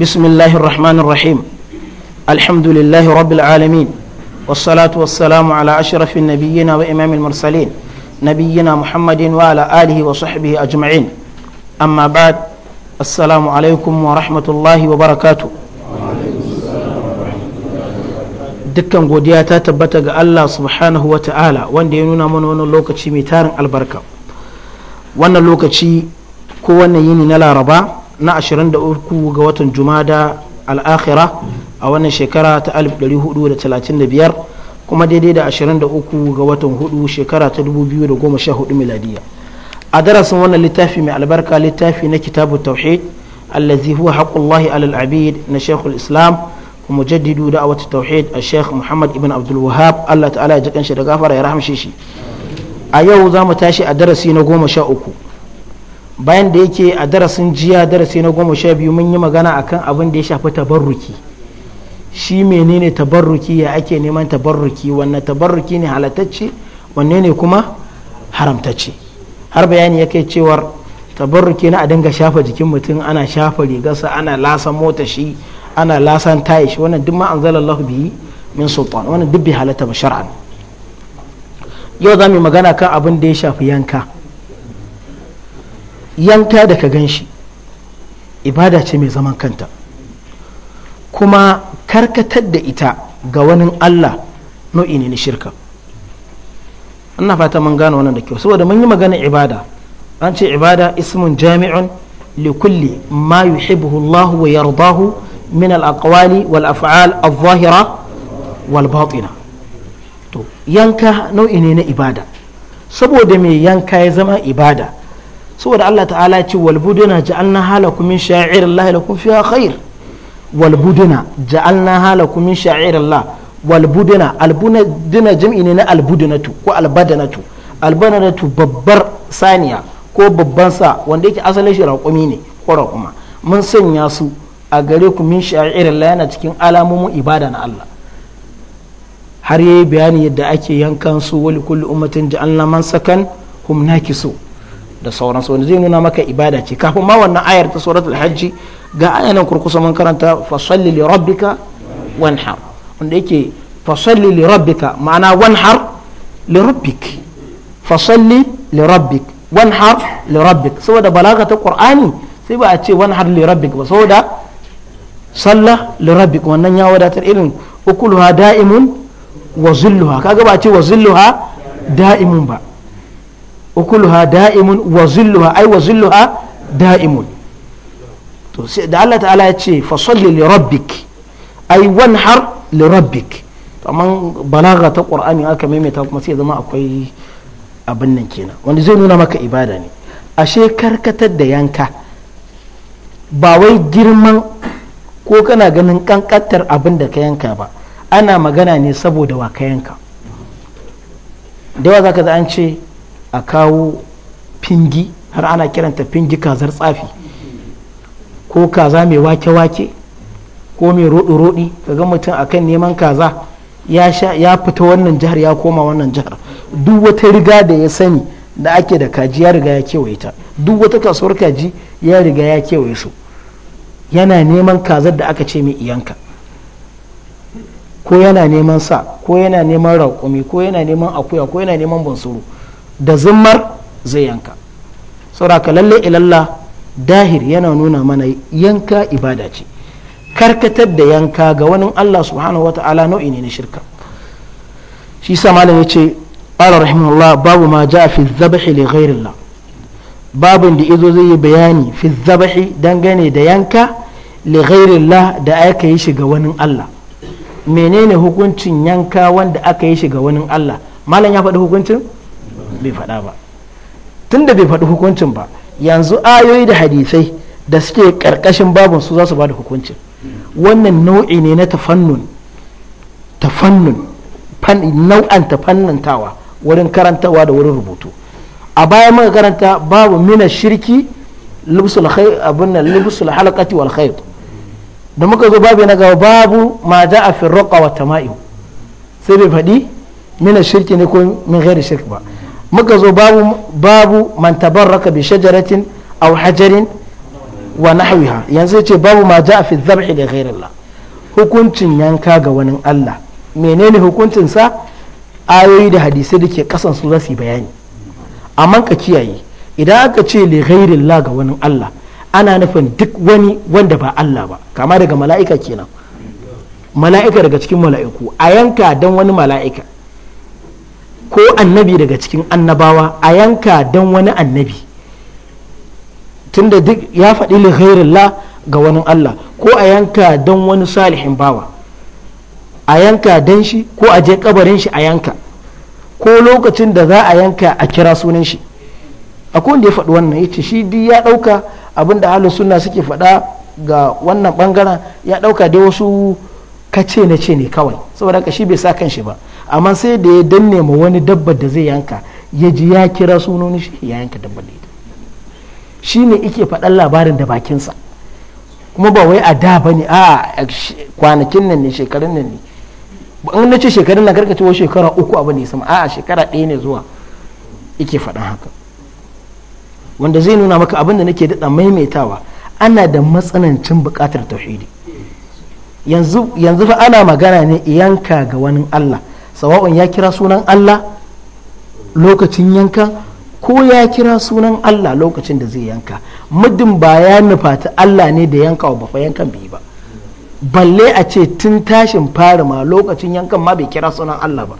بسم الله الرحمن الرحيم الحمد لله رب العالمين والصلاة والسلام على أشرف النبيين وإمام المرسلين نبينا محمد وعلى آله وصحبه أجمعين أما بعد السلام عليكم ورحمة الله وبركاته dukkan godiya ta tabbata ga Allah subhanahu wa ta'ala wanda ya nuna mana wannan lokaci mai tarin albarka wannan lokaci ko wannan yini na laraba na 23 ga watan jumada al'akhira a wannan shekara ta alif da da talatin biyar kuma daidai da 23 ga watan hudu shekara ta da goma sha 2014 miladiya a darasin wannan littafi mai albarka littafi na kitabu tauhid allazi huwa haqqullahi alal abid na shekul islam kuma jaddidu da awata tauhid a sheikh muhammad ibn abdul wahab allah ta'ala ya ji kanshi da gafara ya rahamshe shi a yau za mu tashi a darasi na goma sha uku bayan da yake a darasin jiya darasi na goma sha biyu mun yi magana akan abin da ya shafi tabarruki shi menene tabarruki ya ake neman tabarruki wanne tabarruki ne halatacce wanne ne kuma haramtacce har bayani ya kai cewar tabarruki na a dinga shafa jikin mutum ana shafa rigarsa ana lasa mota shi ana lasan tayi shi wannan duk ma anzalallahu bihi min sultan wannan duk bai halatta ba shar'an yau za mu magana kan abin da ya shafi yanka yanka da ka gan shi ibada ce mai zaman kanta kuma karkatar da ita ga wani Allah nau'i ne na shirka ana fata mun gane wannan da kyau saboda mun yi magana ibada an ce ibada ismun jami'un likulli ma yuhibbu Allah wa yardahu min al-aqwali wal af'al adh-dhahira wal batina to yanka nau'i ne na ibada saboda me yanka ya zama ibada saboda Allah ta'ala ce walbudina ja'alna halakum min sha'irillahi lakum fiha khair wal ja'alna halakum min sha'ir Allah buduna al jam'i ne na albudunatu ko albadanatu albadanatu babbar saniya ko babban sa wanda yake asalin shi raƙumi ne ko raƙuma mun sanya su a gare ku min Allah yana cikin alamomin ibada na Allah har yayi bayani yadda ake yankan su wali kulli ummatin ja'alna man sakan hum nakisu da sauransu wanda zai nuna maka ibada ce kafin ma wannan ayar ta suratul hajji ga aya nan kurkusa mun karanta fasalli li rabbika wanhar wanda yake fasalli li rabbika ma'ana wanhar li rabbik fasalli li rabbik wanhar li rabbik saboda balaga ta qur'ani sai ba a ce wanhar li rabbik ba saboda sallah li rabbik wannan ya wadatar irin ukuluha da'imun wa zulluha kaga ba a ce wa zulluha da'imun ba ukuluha da'imun wa zilluha ai wa da'imun da Allah ta'ala ya ce fa salli li rabbik ai wanhar li rabbik amma balaga ta qur'ani aka maimaita kuma sai zama akwai abin nan kenan wanda zai nuna maka ibada ne ashe karkatar da yanka ba wai girman ko kana ganin kankantar abin da ka yanka ba ana magana ne saboda wa ka yanka da yawa zaka an ce a kawo fingi har ana kiranta fingi kazar tsafi ko kaza mai wake-wake ko mai roɗi-roɗi ga mutum akan neman kaza ya fita wannan jihar ya koma wannan jihar duk wata riga da ya sani da ake da kaji ya riga ya kewaye ta duk wata kasuwar kaji ya riga ya kewaye su yana neman kazar da aka ce mai iyanka ko yana neman sa ko yana neman raƙumi ko yana neman akuya ko yana neman bansuru da zummar zai yanka sauraka lalle ilalla dahir yana nuna mana yanka ibada ce karkatar da yanka ga wani Allah subhanahu wata'ala nau'i ne na shirka shi sa malam ya ce qala rahimallah babu ma ja fi dhabh li ghairillah babin da izo zai yi bayani fi dhabh dangane da yanka li ghairillah da aka yi shiga wani Allah menene hukuncin yanka wanda aka yi shiga wani Allah malam ya faɗi hukuncin bai faɗa ba tun da bai faɗi hukuncin ba yanzu ayoyi da hadisai da suke ƙarƙashin babin su za su ba da hukuncin wannan nau'i ne na tafannun tafannun nau'an tafannantawa wurin karantawa da wurin rubutu a baya muka karanta babu mina shirki libsul khay abunna libsul halaqati wal khayt da muka zo babu na gaba babu ma ja'a fi ruqa wa tama'im sai bai faɗi mina shirki ne ko min ghairi shirk ba muka zo babu babu man tabarraka bi shajaratin aw hajarin wa nahwiha yanzu yace babu ma a fi dhabhi li la hukuncin yanka ga wani Allah menene hukuncin sa ayoyi da hadisai da ke kasan su zasu bayani amma ka kiyaye idan aka ce li la ga wani Allah ana nufin duk wani wanda ba Allah ba kama daga mala'ika kenan mala'ika daga cikin mala'iku a yanka don wani mala'ika ko annabi daga cikin annabawa a yanka don wani annabi tunda duk ya faɗi lihairillah ga wani Allah ko a yanka don wani salihin bawa a yanka don shi ko a je kabarin shi a yanka ko lokacin da za a yanka a kira sunan shi akwai wanda ya faɗi wannan ya shi duk ya ɗauka abinda da halin suna suke faɗa ga wannan ɓangaren ya ɗauka dai wasu kace na ce ne kawai saboda haka shi bai sa kan shi ba amma sai da ya danne ma wani dabba da zai yanka ya ji ya kira sunoni shi ya yanka dabba da ita ne ike faɗan labarin da bakinsa kuma ba wai a da ba ne a kwanakin nan ne shekarun nan ne in na ce shekarun na karkace wa shekara uku abu ne sama a shekara ɗaya ne zuwa ike faɗan haka wanda zai nuna maka abin da nake daɗa maimaitawa ana da matsanancin buƙatar tauhidi yanzu fa ana magana ne yanka ga wani Allah sawa'un ya kira sunan Allah lokacin yanka ko ya kira sunan Allah lokacin da zai yanka muddin ba ya nufata Allah ne da yanka wa bafa yankan bai ba balle a ce tun tashin fari ma lokacin yankan ma bai kira sunan Allah ba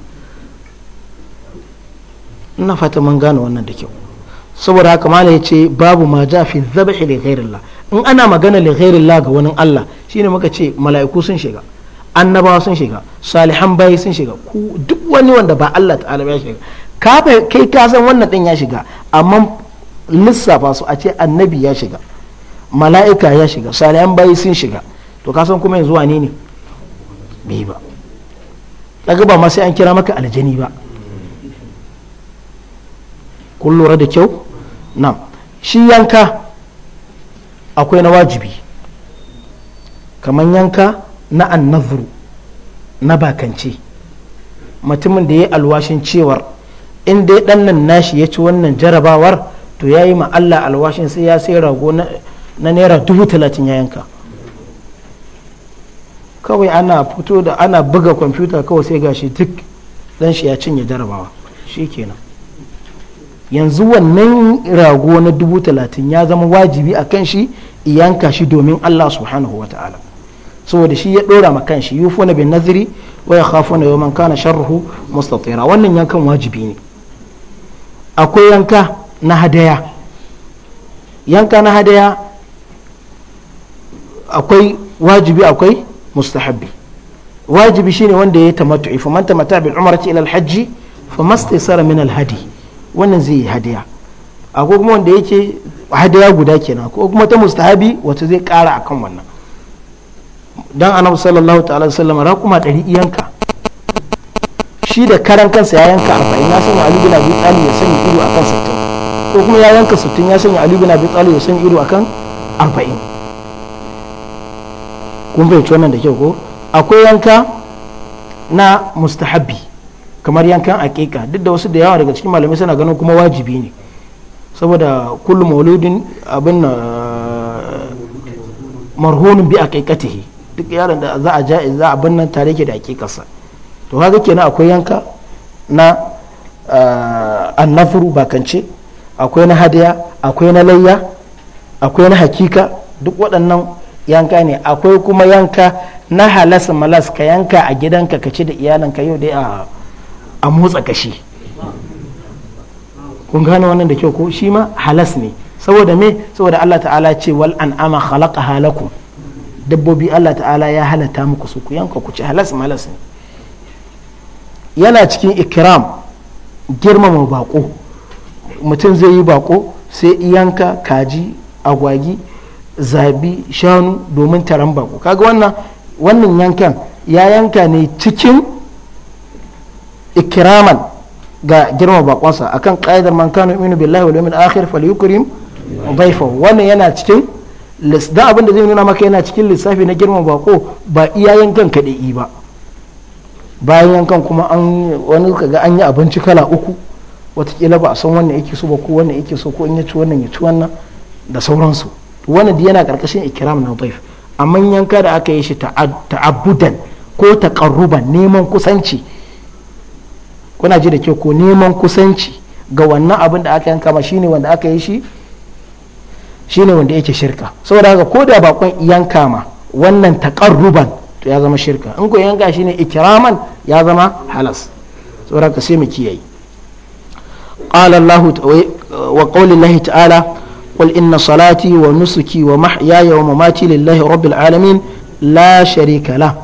ina fata mun gane wannan da kyau saboda haka mala ya ce babu ma ja fi zabahi li in ana magana li ghairillah ga wani Allah shine muka ce mala'iku sun shiga annabawa sun shiga salihan bayi sun shiga duk wani wanda ba Allah ta'ala ya shiga kai ka san wannan din ya shiga amma lissafa su a ce annabi ya shiga mala'ika ya shiga salihan bayi sun shiga to ka san kuma yanzu wani ne bai ba daga ba ma sai an kira maka aljani ba kun da kyau na shi yanka akwai na wajibi kamar yanka na annazuru na bakance mutumin da ya yi alwashin cewar in dai dan nan nashi ya ci wannan jarabawar to ya yi Allah alwashin sai ya sai rago na naira dubu talatin ya yanka kawai ana fito da ana buga kwamfuta kawai sai gashi duk dan shi ya cinye jarabawa shi kenan yanzu wannan rago na dubu talatin ya zama wajibi a kan shi yanka shi domin Allah subhanahu wa ta'ala saboda shi ya dora ma kanshi yufuna bin nazri wa yakhafuna yawman kana sharruhu mustatira wannan yankan wajibi ne akwai yanka na hadaya yanka na hadaya akwai wajibi akwai mustahabbi wajibi shine wanda ya tamattu'i fa man tamatta bil umrati ila al hajji fa mastaysara min al hadi wannan zai yi hadaya akwai kuma wanda yake hadaya guda kenan ko kuma ta mustahabi wata zai kara akan wannan dan annabi sallallahu ta'ala sallam raƙuma ɗari iyanka shi da karan kansa ya yanka arba'in ya sanya ali bin abi talib ya sanya ido akan sittin ko kuma ya yanka sittin ya sanya ali bin abi talib ya sanya ido akan arba'in kun fahimci wannan da kyau ko akwai yanka na mustahabbi kamar yankan aƙiƙa duk da wasu da yawa daga cikin malamai suna ganin kuma wajibi ne saboda kullum mauludin abin marhunin bi aqiqatihi duk yaron da za a ja za a binnan tare ke da hakikarsa to haka kenan akwai yanka na annafuru bakance akwai na hadiya akwai na layya akwai na hakika duk waɗannan yanka ne akwai kuma yanka na halas malas ka yanka a gidanka ka ci da iyalanka yau dai a motsa kashi kun gane wannan da kyau ko shi ma halas ne saboda me saboda Allah ta'ala ce wal an'ama khalaqa halakum dabbobi Allah ta'ala ya halatta muku su ku yanka ku ci halas malas ne yana cikin ikram girmama bako mutum zai yi bako sai yanka kaji agwagi zabi shanu domin taron bako kaga wannan wannan yankan ya yanka ne cikin ikiraman ga girma bakonsa akan ka'idar man kanu imanu billahi wal yawmil akhir falyukrim wannan yana cikin da abin da zai nuna maka yana cikin lissafi na girman bako ba iya yankan kaɗai ba bayan yankan kuma an wani kaga an yi abinci kala uku watakila ba a san wannan yake so ba ko wannan yake so ko in ya ci wannan ya ci wannan da sauransu wannan yana karkashin ikiram na daif amma yanka da aka yi shi ta'abudan ko taqarruban neman kusanci kuna ji da ke ko neman kusanci ga wannan abin da aka yanka ma shine wanda aka yi shi shine wanda yake shirka saboda haka ko da bakon yanka ma wannan taqarruban to ya zama shirka in ko yanka ne ikiraman ya zama halas saboda haka sai mu kiyaye qala Allah wa qawli Allah ta'ala nusuki إن صلاتي ونسكي ومحياي lillahi لله alamin la لا شريك له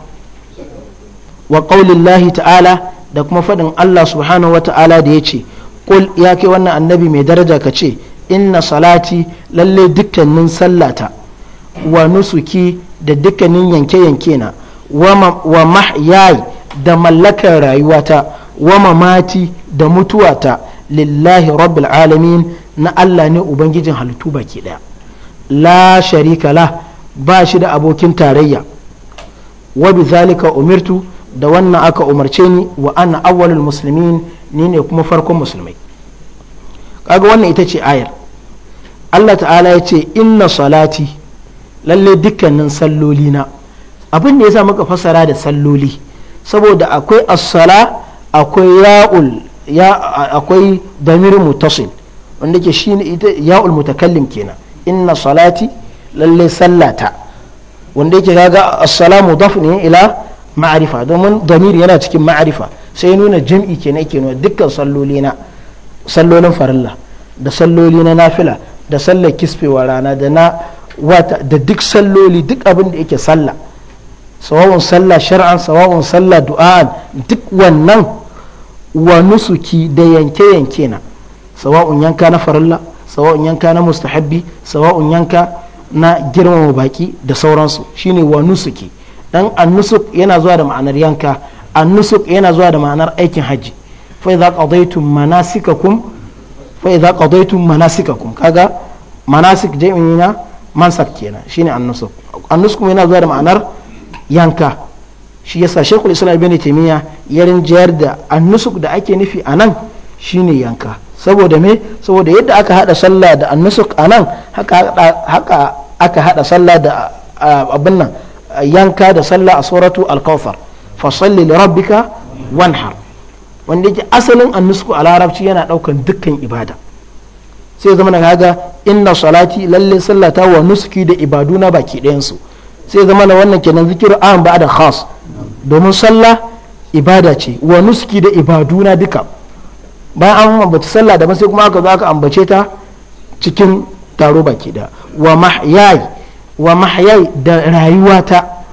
da kuma faɗin Allah subhanahu wa ta'ala da ya ce, Ƙul ya kai wannan annabi mai daraja ka ce, inna salati lalle dukkanin sallata wa nusuki da dukkanin yanke-yanke na wa mahyayi da mallakar rayuwata wa mamati da mutuwata lillahi rabbil alamin na Allah ne ubangijin halittu baki daya la sharika la ba shi da abokin tarayya wa zalika umirtu da wannan aka umarce ni wa ana awwalul muslimin ni ne kuma farkon musulmai kaga wannan ita ce ayar Allah ta'ala ya ce inna salati lalle dukkanin salloli na abin da ya sa muka fasara da salloli saboda akwai as-sala akwai ya'ul ya akwai damir mutasil wanda ke shine ita ya'ul mutakallim kenan inna salati lalle sallata wanda yake kaga as-sala ne ila ma'rifa domin damir yana cikin ma'arifa sai nuna jam'i kenan yake nuna dukkan salloli na sallolin farilla da salloli na nafila da sallar kisfewa rana da na wata da duk salloli duk abin da yake sallah sawa'un sallah shar'an sawa'un sallah du'a'an duk wannan wa nusuki da yanke-yanke na sawa'un yanka na farilla sawa'un yanka na mustahabbi sawa'un yanka na girmama baki da sauransu shine wa nusuki dan annusuk yana zuwa da ma'anar yanka annusuk yana zuwa da ma'anar aikin hajji fa idza qadaytum manasikakum fa idza qadaytum manasikakum kaga manasik jami'i na mansak kenan shine an annusuk yana zuwa da ma'anar yanka shi yasa shekul islam ibn taymiya yarin jayar da annusuk da ake nufi anan shine yanka saboda me saboda yadda aka hada sallah da annusuk anan haka haka aka hada sallah da abin nan yanka da sallah a suratu al-kawthar fa salli li rabbika wanhar wanda yake asalin annusku a larabci yana daukan dukkan ibada sai zama na kaga inna salati lalle sallata wa nusuki da ibaduna baki ɗayansu sai zama na wannan kenan zikiru an ba da khas domin sallah ibada ce wa nusuki da ibaduna duka bayan an ambaci sallah da sai kuma aka zo aka ambace ta cikin taro baki da wa mahyai wa mahyai da rayuwata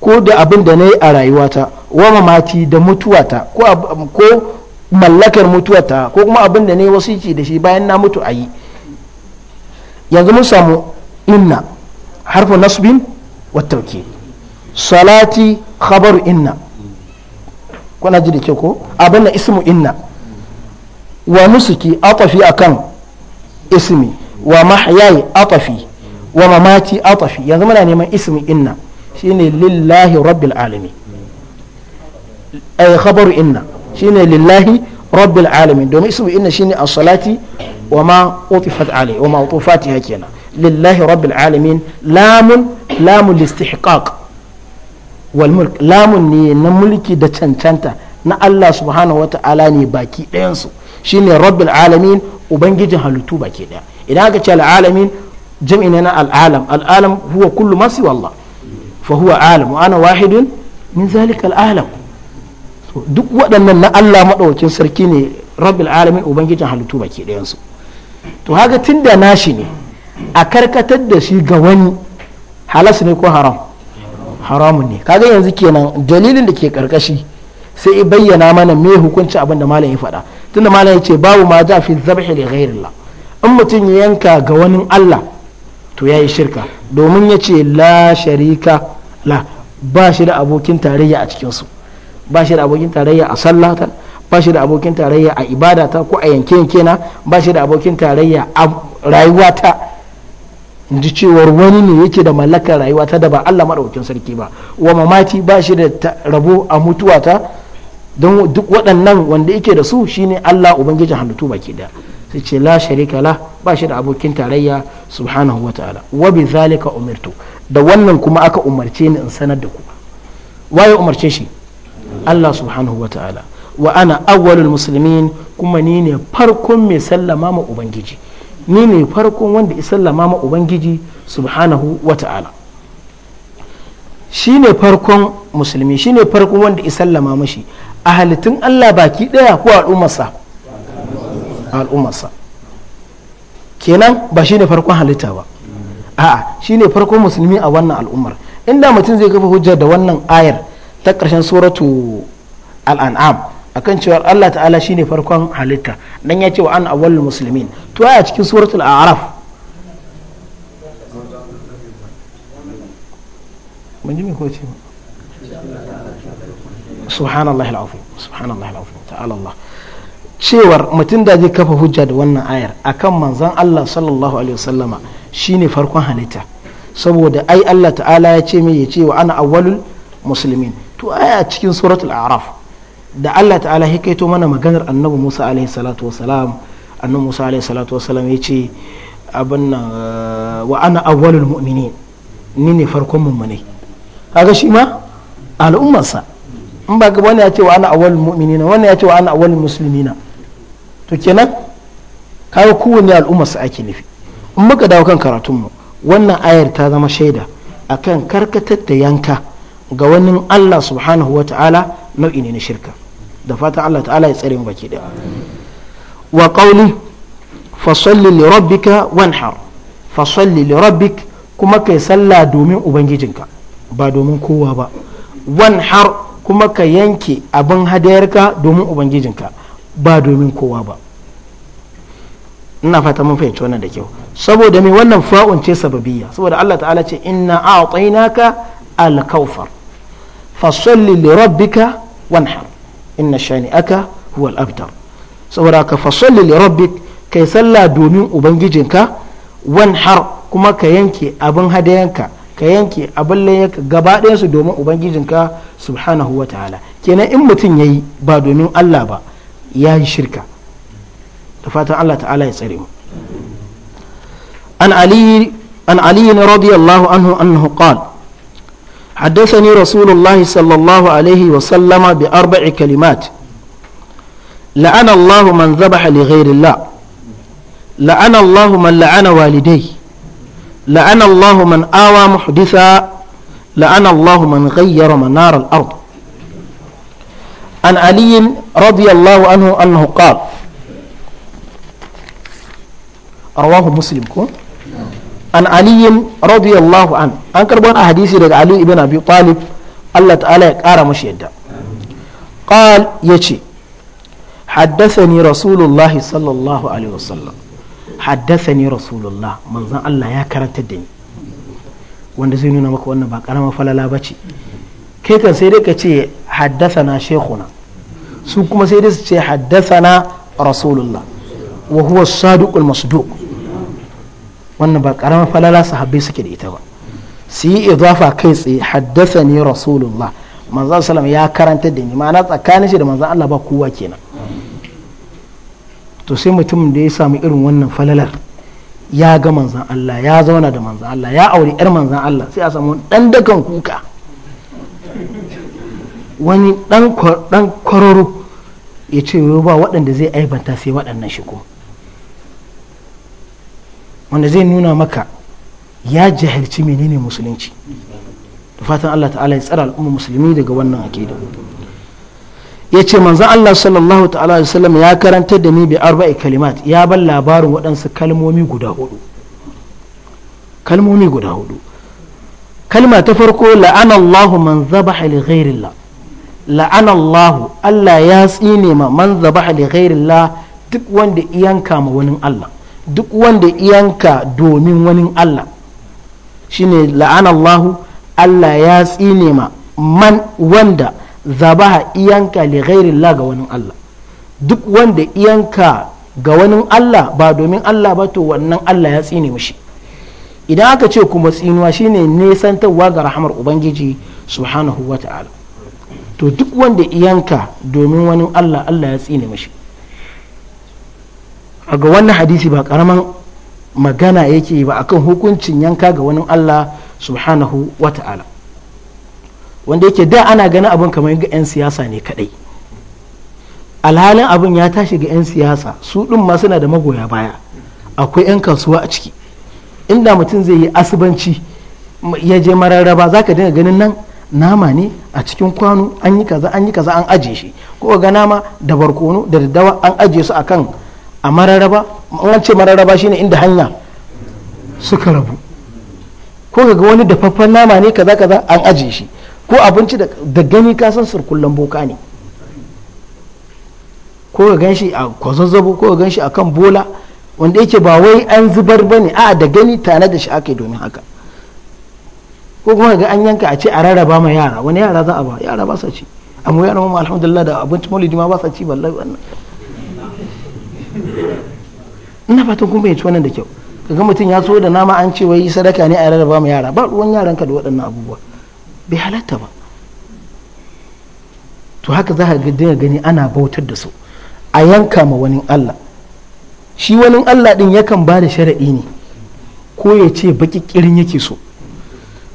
ko da abin da na yi a rayuwata wa mamati da mutuwata ko ko mallakar mutuwata ko kuma abin da ne wasici da shi bayan na mutu ayi yanzu mun samu inna harfu nasbin wa tawkid salati khabaru inna kuna ji da ke ko abin da ismu inna wa nusuki atafi akan ismi wa mahyayi atafi wa mamati atafi yanzu muna neman ismi inna shine lillahi rabbil alamin ay khabaru inna shine lillahi rabbil alamin domin ismu inna shine as-salati wa ma utifat alai wa ma utufatiha kenan lillahi rabbil alamin lamun lamun listihqaq wal mulk lamun ne na mulki da cancanta na Allah subhanahu wa ta'ala ne baki ɗayansu shine rabbil alamin ubangijin halittu baki ɗaya idan aka ce al'alamin jam'i ne na al'alam al'alam huwa kullu ma siwa Allah fa huwa alam wa ana wahidun min zalika duk waɗannan na Allah maɗaukin sarki ne rabbil alamin ubangijin halittu baki ɗayansu to haka tun da nashi ne a karkatar da shi ga wani halas ne ko haram haramun ne kaga yanzu kenan dalilin da ke karkashi sai i bayyana mana me hukunci abin da malam ya faɗa tunda malam ya ce babu ma ja fi zabhi li ghairillah in mutum ya yanka ga wani Allah to yayi shirka domin ya ce la sharika la ba shi da abokin tarayya a cikinsu. ba shi da abokin tarayya a sallata ba shi da abokin tarayya a ibadata ko a yanke yanke na ba shi da abokin tarayya a rayuwata in ji cewar wani ne yake da mallakar rayuwata da ba Allah maɗaukin sarki ba wa mamati ba shi da rabo a mutuwata don duk waɗannan wanda yake da su shine Allah ubangijin halittu baki da sai ce la sharika la ba shi da abokin tarayya subhanahu wa ta'ala wa bi zalika umirtu da wannan kuma aka umarce ni in sanar da ku waye umarce shi Allah subhanahu wa ta'ala wa ana awwalul muslimin kuma ni ne farkon mai sallama ma ubangiji ni ne farkon wanda ya sallama ma ubangiji subhanahu wa ta'ala shine farkon musulmi shine farkon wanda ya sallama mashi a halittun Allah baki daya ko al'ummarsa al'ummarsa kenan ba shine farkon halitta ba a'a shine farkon musulmi a wannan al'ummar inda mutum zai kafa hujjar da wannan ayar ta ƙarshen suratu al'an'am akan cewa Allah ta'ala shine farkon halitta dan ya ce wa an awwalul muslimin to a cikin suratul a'raf mun ji me ko ce subhanallahi al'azim subhanallahi al'azim ta'ala Allah cewar mutum da zai kafa hujja da wannan ayar akan manzon Allah sallallahu alaihi wasallama shine farkon halitta saboda ai Allah ta'ala ya ce me ya ce wa ana awwalul muslimin to aya cikin suratul araf da Allah ta'ala ya to mana maganar annabi Musa alaihi salatu wasalam annabi Musa alaihi salatu wasalam ya ce abin nan uh, wa ana awwalul mu'minin ni ne farkon mummunai kaga shi ma al'ummarsa in ba wani ya ce wa ana awwalul mu'minin wani ya ce wa ana awwalul muslimina to kenan kaga kowanne al'ummarsa ake nufi in muka dawo kan karatunmu wannan ayar ta zama shaida akan karkatar da yanka ga wani Allah subhanahu wa ta'ala nau'i ne na shirka da fata Allah ta'ala ya tsare mu baki da wa qawli salli li rabbika wanhar salli li rabbik kuma kai sallah domin ubangijinka ba domin kowa ba wanhar kuma ka yanke abin hadayarka domin ubangijinka ba domin kowa ba ina fata mun fahimci wannan da kyau saboda me wannan fa'un ce sababiyya saboda Allah ta'ala ce inna a'tainaka al kawfar fasalli li rabbika wanhar inna shani'aka al abtar saboda ka fasalli li rabbik kai sallah domin ubangijinka wanhar kuma ka yanke abin hadayanka ka yanke abin layyaka gaba ɗaya su domin ubangijinka subhanahu wa ta'ala kenan in mutum yayi ba domin Allah ba ya yi shirka da fatan Allah ta'ala ya tsare mu an ali an ali radiyallahu anhu annahu qala حدثني رسول الله صلى الله عليه وسلم بأربع كلمات لعن الله من ذبح لغير الله لعن الله من لعن والديه لعن الله من آوى محدثا لعن الله من غير منار الأرض عن علي رضي الله عنه أنه قال رواه مسلم كون an aliyin radiyallahu an an karbo wani hadisi daga ali ibn abi talib Allah ta'ala ya kara mashi yadda qal yace haddathani rasulullahi sallallahu alaihi wasallam haddathani rasulullah manzon Allah ya karanta da ni wanda zai nuna maka wannan ba karama falala bace kai kan sai dai ka ce haddathana shaykhuna su kuma sai dai su ce haddathana rasulullah wa huwa sadiqul masduq wannan ba karamar falala sahabbai suke da ita ba su yi idafa kai tsaye haddasa ne rasulullah manzan salam ya karanta da ni ma'ana tsakanin shi da manzan Allah ba kowa kenan to sai mutum da ya samu irin wannan falalar ya ga manzan Allah ya zauna da manzan Allah ya auri yar manzan Allah sai a samu dan dakan kuka wani dan kwararo ya ce ba waɗanda zai aibanta sai waɗannan shi kuma wanda zai nuna maka ya jahilci menene musulunci da fatan Allah ta'ala ya tsara al'umma musulmi daga wannan akida ya ce manzan Allah sallallahu ta'ala da sallam ya karantar da ni bi arba'i kalimat ya ban labarin waɗansu kalmomi guda hudu kalmomi guda hudu kalma ta farko la'ana Allahu man zabaha li ghairillah la'ana Allahu Allah ya tsine ma man zabaha li ghairillah duk wanda iyanka ma wani Allah duk wanda iyanka domin wani Allah shine la'anallahu Allah ya tsine ma man wanda zabaha iyanka li ga wani Allah duk wanda iyanka ga wani Allah ba domin Allah ba to wannan Allah ya tsine mashi idan aka ce kuma tsinuwa shine nesantarwa ga rahamar ubangiji subhanahu wa ta'ala to duk wanda iyanka domin wani Allah Allah ya tsine mashi A ga wannan hadisi ba karaman magana yake ba akan hukuncin yanka ga wani Allah subhanahu wa ta'ala wanda yake da ana ganin abin kamar ga 'yan siyasa ne kadai alhalin abin ya tashi ga 'yan siyasa su ɗin ma suna da magoya baya akwai 'yan kasuwa a ciki inda mutum zai yi asibanci ya je mararraba za ka dinga ganin nan nama ne a cikin kwano an yi kaza an yi kaza an aje shi ko ga nama da barkono da daddawa an aje su akan a mararaba an ce mararaba shine inda hanya suka rabu ko kaga wani dafaffen nama ne kaza kaza an ajiye shi ko abinci da gani ka san sirkullan boka ne ko ka gan shi a kwazazzabo ko ka gan shi a kan bola wanda yake ba wai an zubar ba ne a da gani tare da shi ake domin haka ko kuma ga an yanka a ce a rarraba ma yara wani yara za a ba yara ba sa ci amma yara ma alhamdulillah da abinci maulidi ma ba sa ci ballai wannan ina fatan kun ci wannan da kyau kaga mutum ya so da nama an ce wai sadaka ne a ba mu yara ba ruwan yaran ka da waɗannan abubuwa bai halatta ba to haka za ka dinga gani ana bautar da su a yanka ma wani Allah shi wani Allah din yakan ba da sharaɗi ne ko ya ce baki kirin yake so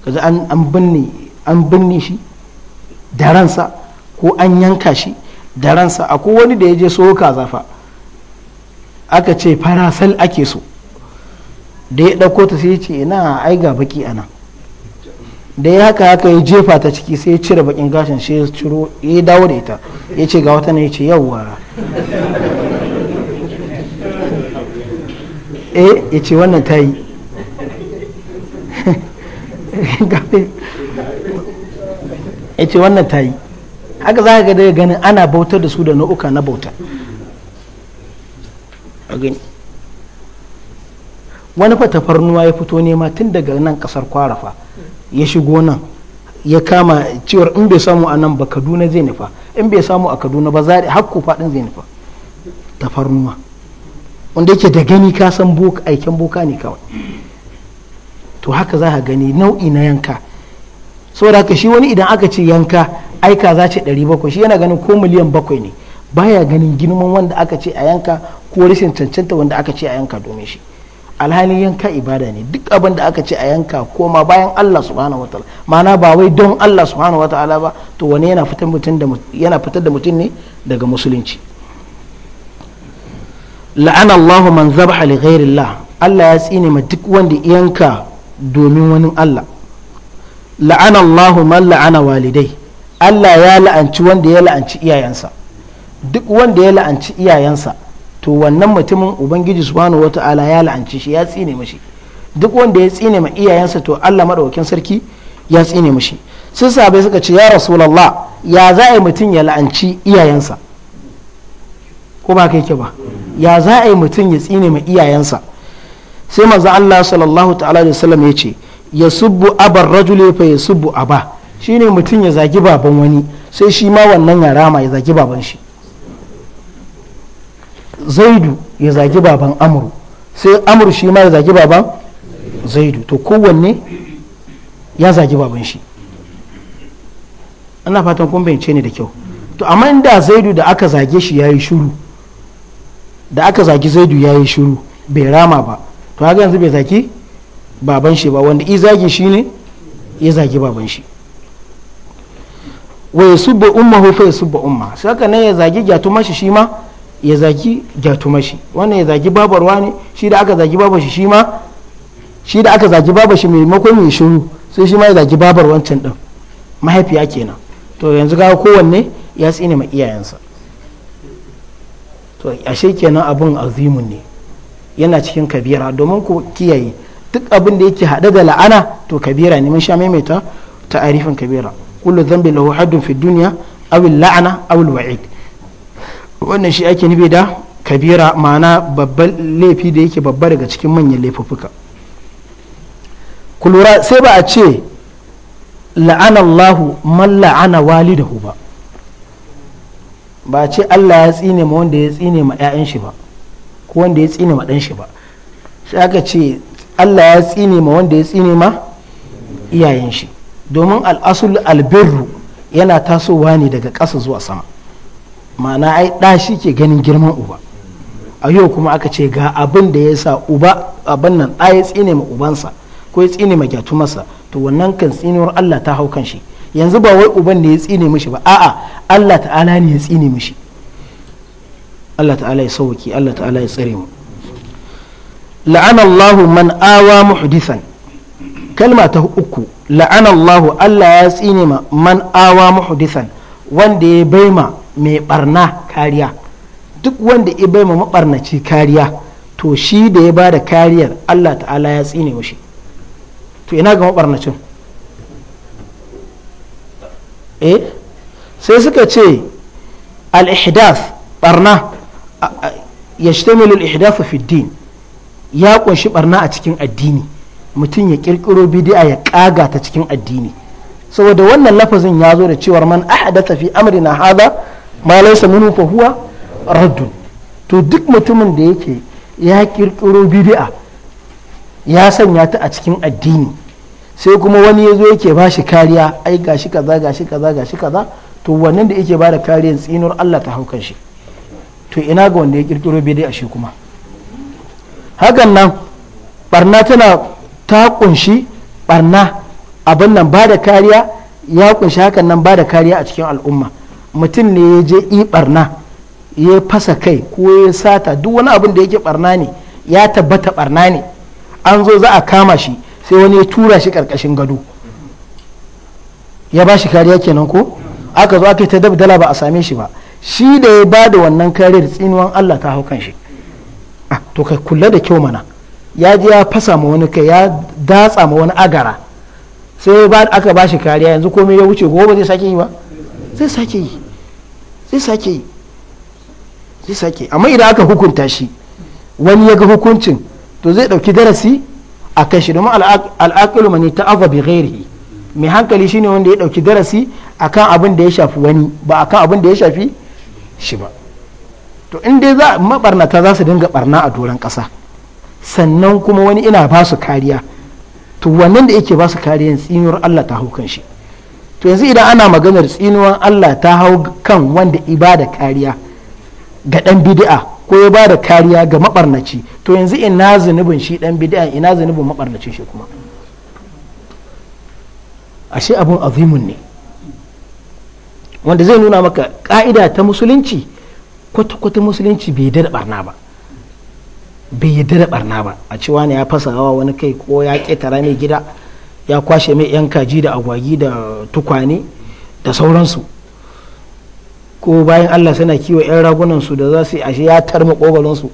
kaga an an binne an binne shi da ransa ko an yanka shi da ransa akwai wani da ya je so kaza fa aka ce farasal ake so da ya ɗauko ta sai ya ce ina ai ga baki ana da ya haka haka ya jefa ta ciki sai ya cire bakin gashin sai ya ciro ya dawo da ita ya ce ga wata ne ya ce yawwa e eh, ya ce wannan ta yi ya ce wannan ta yi haka za ka ga daga ganin ana bautar da su da nau'uka na bauta a gani wani fa tafarnuwa ya fito nema tun daga nan kasar kwarafa ya shigo nan ya kama cewar in bai samu a nan ba kaduna zai nufa in bai samu a kaduna ba zari hakku faɗin zai nufa tafarnuwa wanda yake da gani ka san aiken boka ne kawai to haka za ka gani nau'i na yanka saboda haka shi wani idan aka ce yanka aika za ce 700 shi yana ganin ko miliyan bakwai ne baya ganin girman wanda aka ce a yanka ko rashin cancanta wanda aka ce a yanka domin shi alhali yanka ibada ne duk abin da aka ce a yanka ko ma bayan Allah subhanahu wataala ma'ana ba wai don Allah subhanahu wataala ba to wani yana fitar mutum da yana fitar da mutum ne daga musulunci la'ana Allah man zabaha li ghairillah Allah ya tsine ma duk wanda yanka domin wani Allah la'ana Allah man la'ana walidai Allah ya la'anci wanda ya la'anci iyayensa duk wanda ya la'anci iyayensa to wannan mutumin ubangiji subhanahu ta'ala ya la'anci shi ya tsine mashi duk wanda ya tsine ma iyayensa to Allah madaukakin sarki ya tsine mashi sun sabai suka ce ya rasulullah ya za a yi mutum ya la'anci iyayensa ko ba kai ke ba ya za a yi mutum ya tsine ma iyayensa sai manzo Allah sallallahu ta'ala da sallam ya ce ya subbu abar rajuli fa ya subbu aba shine mutum ya zagi baban wani sai shi ma wannan ya rama ya zagi baban shi zaidu ya zagi baban amuru sai amuru shi ma ya zagi baban zaidu to kowanne ya zagi baban shi ana fatan kun bayance ne da kyau to amma inda zaidu da aka zage shi ya yi shuru da aka zagi zaidu ya yi shuru bai rama ba to haka yanzu bai zagi baban shi ba wanda i zage shi ne ya zagi baban shi wa ya subba umma fa ya subba umma haka ne ya zagi gyatu mashi shi ma ya zagi jatumashi wannan ya zagi babarwa ne shi da aka zagi babar shi ma shi da aka zagi babar shi maimakon ya shiru sai shi ma ya zagi babar wancan din mahaifiya kenan to yanzu ga kowanne ya tsine ma iyayensa to ashe kenan abun azimun ne yana cikin kabira domin ku kiyaye duk abin da yake haɗe da la'ana to kabira ne mun sha maimaita ta'arifin kabira kullu dhanbi lahu haddun fi dunya aw la'ana aw al-wa'id wannan shi ake nufi da kabira ma'ana babban laifi da yake babba daga cikin manyan laifuffuka kulura sai ba a ce la'anallahu man la'ana walidahu ba ba a ce Allah ya tsine ma wanda ya tsine ma 'ya'yan shi ba ko wanda ya tsine ma ɗan shi ba sai aka ce Allah ya tsine ma wanda ya tsine ma iyayen shi domin al'asul albirru yana tasowa ne daga ƙasa zuwa sama ma'ana ai ɗa shi ke ganin girman uba a yau kuma aka ce ga abin da ya sa uba abin nan da ya tsine ma ubansa ko ya tsine ma gyatu masa to wannan kan tsinuwar Allah ta haukan shi yanzu ba wai uban ne ya tsine mishi ba a'a Allah ta'ala ne ya tsine mishi Allah ta'ala ya sauki Allah ta'ala ya tsare mu la'ana Allah man awa muhdisan kalma ta uku la'ana Allah Allah ya tsine ma man awa muhdisan wanda ya baima mai barna kariya duk wanda ya bai ma mabarnaci kariya to shi da ya bada kariyar Allah ta'ala ya tsine mushi to ina ga mabarnacin eh sai suka ce al ihdaf barna yashtamilu al-ihdath fi din ya kunshi barna a cikin addini mutum ya kirkiro bid'a ya kaga ta cikin addini saboda wannan lafazin ya zo da cewar man ahdatha fi amrina hadha ma laisa minhu fa huwa to duk mutumin da yake ya kirkiro bid'a ya sanya ta a cikin addini sai kuma wani ya zo yake ba shi kariya ai gashi kaza gashi kaza gashi kaza to wannan da yake ba da kariyar tsinor Allah ta haukan shi to ina ga wanda ya kirkiro bid'a shi kuma hakan nan barna tana ta kunshi barna abin nan ba da kariya ya kunshi hakan nan ba da kariya a cikin al'umma mutum ne ya je yi barna ya fasa kai ko ya sata duk wani abin da yake barna ne ya tabbata barna ne an zo za a kama shi sai wani ya tura shi karkashin gado ya ba shi kariya kenan ko aka zo aka yi ta dala ba a same shi ba shi da ya ba da wannan kariyar tsinuwan Allah ta hau kan shi ah, to kai kula da kyau mana ya je ya fasa ma wani kai ya datsa ma wani agara sai aka ba shi kariya yanzu komai ya wuce gobe zai sake yi ba zai sake yi zai sake yi zai sake amma idan aka hukunta shi wani ya ga hukuncin to zai ɗauki darasi a kan shi domin al'akulu mani ta aza bi ghairihi mai hankali shine wanda ya ɗauki darasi akan abin da ya shafi wani ba kan abin da ya shafi shi ba to in dai za mabarnata za su dinga barna a doron ƙasa sannan kuma wani ina ba su kariya to wannan da yake ba su kariyan tsinuwar Allah ta hukunshi. shi to yanzu idan ana maganar tsinuwan Allah ta hau kan wanda ibada kariya ga dan bid'a ko ya bada kariya ga mabarnaci to yanzu ina zunubin shi dan bid'a ina zunubin mabarnacin shi kuma ashe abun azimun ne wanda zai nuna maka ka'ida ta musulunci kwata-kwata musulunci bai yarda barna ba bai yi dada barna ba a cewa ne ya fasa hawa wani kai ko ya ketara mai gida ya kwashe mai yan kaji da agwagi da tukwane da sauransu ko bayan allah suna kiwo yan su da za su ashe ya tar makogalonsu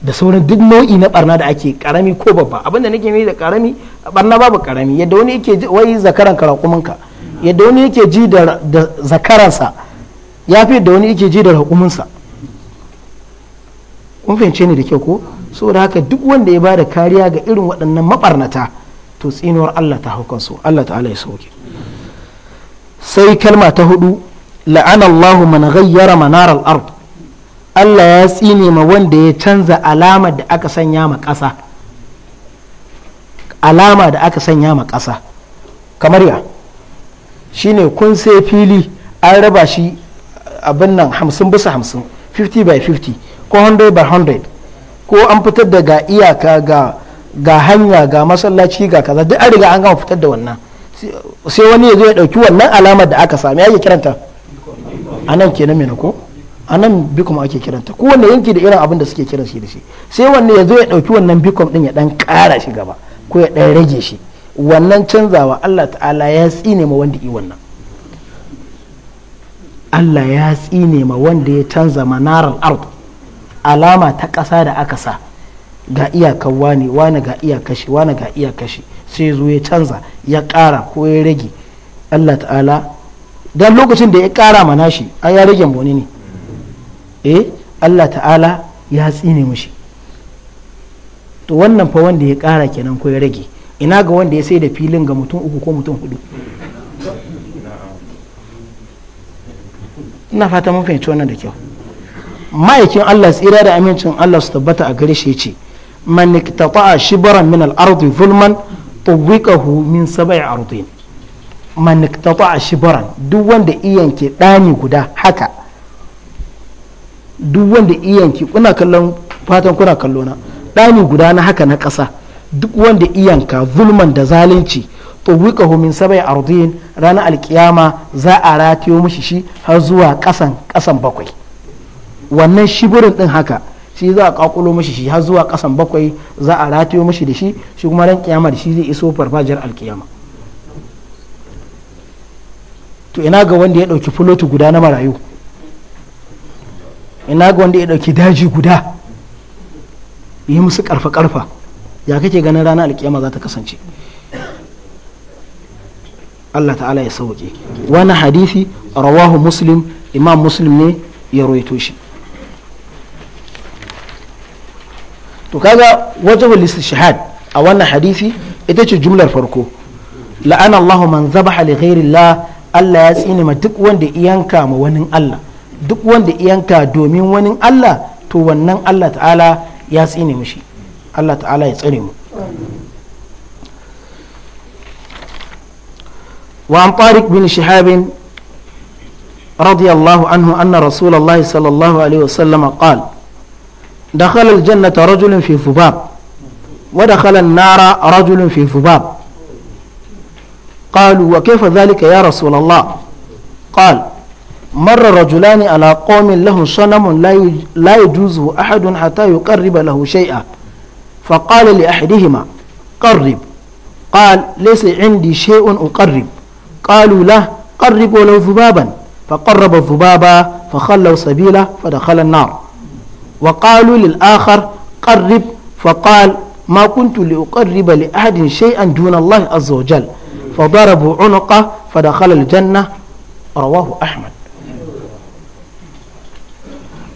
da sauran duk nau'i na barna da ake karami ko babba abinda nake mai da karami barna babu karami yadda wani yake wai zakaran ka yadda wani yake ji da zakaransa ya fi da wani yake ji da rakuminsa kun fahimce ni da kyau ko saboda haka duk wanda ya bada kariya ga irin waɗannan mabarnata to tsinuwar Allah ta hau kansu Allah ta alai sauke sai kalma ta hudu la'ana Allahu man ghayyara manar al-ard Allah ya tsine ma wanda ya canza alama da aka sanya ma ƙasa alama da aka sanya ma ƙasa kamar ya shine kun sai fili an raba shi abin nan hamsin bisa hamsin 50 by 50 ko 100 by 100 ko an fitar da ga iyaka ga ga hanya ga masallaci ga kaza duk an riga an gama fitar da wannan sai wani ya zo ya ɗauki wannan alamar da aka sami ake kiranta a nan kenan mena ko a nan bikom ake kiranta kowanne yanki da irin abin da suke kiran shi da shi sai wanne ya zo ya ɗauki wannan bikom ɗin ya ɗan ƙara shi gaba ko ya ɗan rage shi wannan canzawa Allah ta'ala ya tsine ma wanda i wannan Allah ya tsine ma wanda ya canza manaral ard alama ta ƙasa da aka sa ga iyakar wane wane ga iyakar shi wane ga iyakar shi sai zo ya canza ya ƙara ko ya rage Allah ta'ala dan lokacin da ya ƙara mana shi a ya rage wani ne eh Allah ta'ala ya tsine mushi to wannan fa wanda ya ƙara kenan ko ya rage ina ga wanda ya sai da filin ga mutum uku ko mutum hudu ina fata mun fahimci wannan da kyau ma'aikin Allah tsira da amincin Allah su tabbata a gare shi ce man iktata'a shibran min al-ardi zulman tawwiqahu min sab'i ardin man iktata'a shibran duk wanda iyanke dani guda haka duk wanda iyanke kuna kallon fatan kuna na guda na haka na ƙasa duk wanda iyanka zulman da zalunci tawwiqahu min sab'i ardin ranar alkiyama za a ratiyo mishi shi har zuwa ƙasan ƙasan bakwai wannan shibirin din haka shi za a kakulo mashi shi har zuwa kasan bakwai za a ratiyo mashi da shi shi kuma ran kiyama da shi zai iso farfajiyar alkiyama to ina ga wanda ya dauki fulotu guda na marayu ina ga wanda ya dauki daji guda yi musu karfa karfa ya kake ganin ranar alkiyama za ta kasance Allah ta'ala ya sauke wani hadisi rawahu muslim imam muslim ne ya roito shi to kaga wajibul istishhad a wannan hadisi ita ce jumlar farko la'ana Allahu man zabaha li ghairillah Allah ya tsine ma duk wanda iyanka ma wani Allah duk wanda iyanka domin wani Allah to wannan Allah ta'ala ya tsine mishi Allah ta'ala ya tsare mu وعن طارق بن شهاب رضي الله عنه أن رسول الله صلى الله عليه وسلم قال دخل الجنة رجل في ذباب ودخل النار رجل في ذباب قالوا وكيف ذلك يا رسول الله قال مر رجلان على قوم لهم صنم لا يجوزه أحد حتى يقرب له شيئا فقال لأحدهما قرب قال ليس عندي شيء أقرب قالوا له قرب له ذبابا فقرب الذباب فخلوا سبيله فدخل النار وقالوا للآخر قرب فقال ما كنت لأقرب لأحد شيئا دون الله عز وجل فضربوا عنقه فدخل الجنة رواه أحمد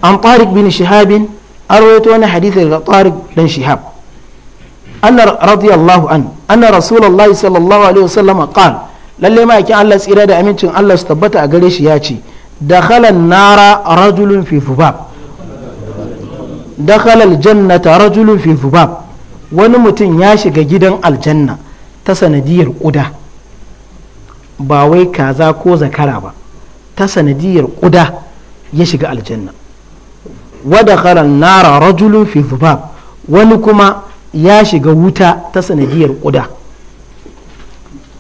عن طارق بن شهاب أرويت أنا حديث طارق بن شهاب أن رضي الله عنه أن رسول الله صلى الله عليه وسلم قال lalle ma yake Allah tsira da amincin Allah su tabbata a gare shi ya ce dakhala nara rajulun fi fubab dakhala aljannata rajulun fi wani mutum ya shiga gidan aljanna ta sanadiyar ƙuda ba wai kaza ko zakara ba ta sanadiyar kuda ya shiga aljanna wadakhala nara rajulun fi wani kuma ya shiga wuta ta sanadiyar ƙuda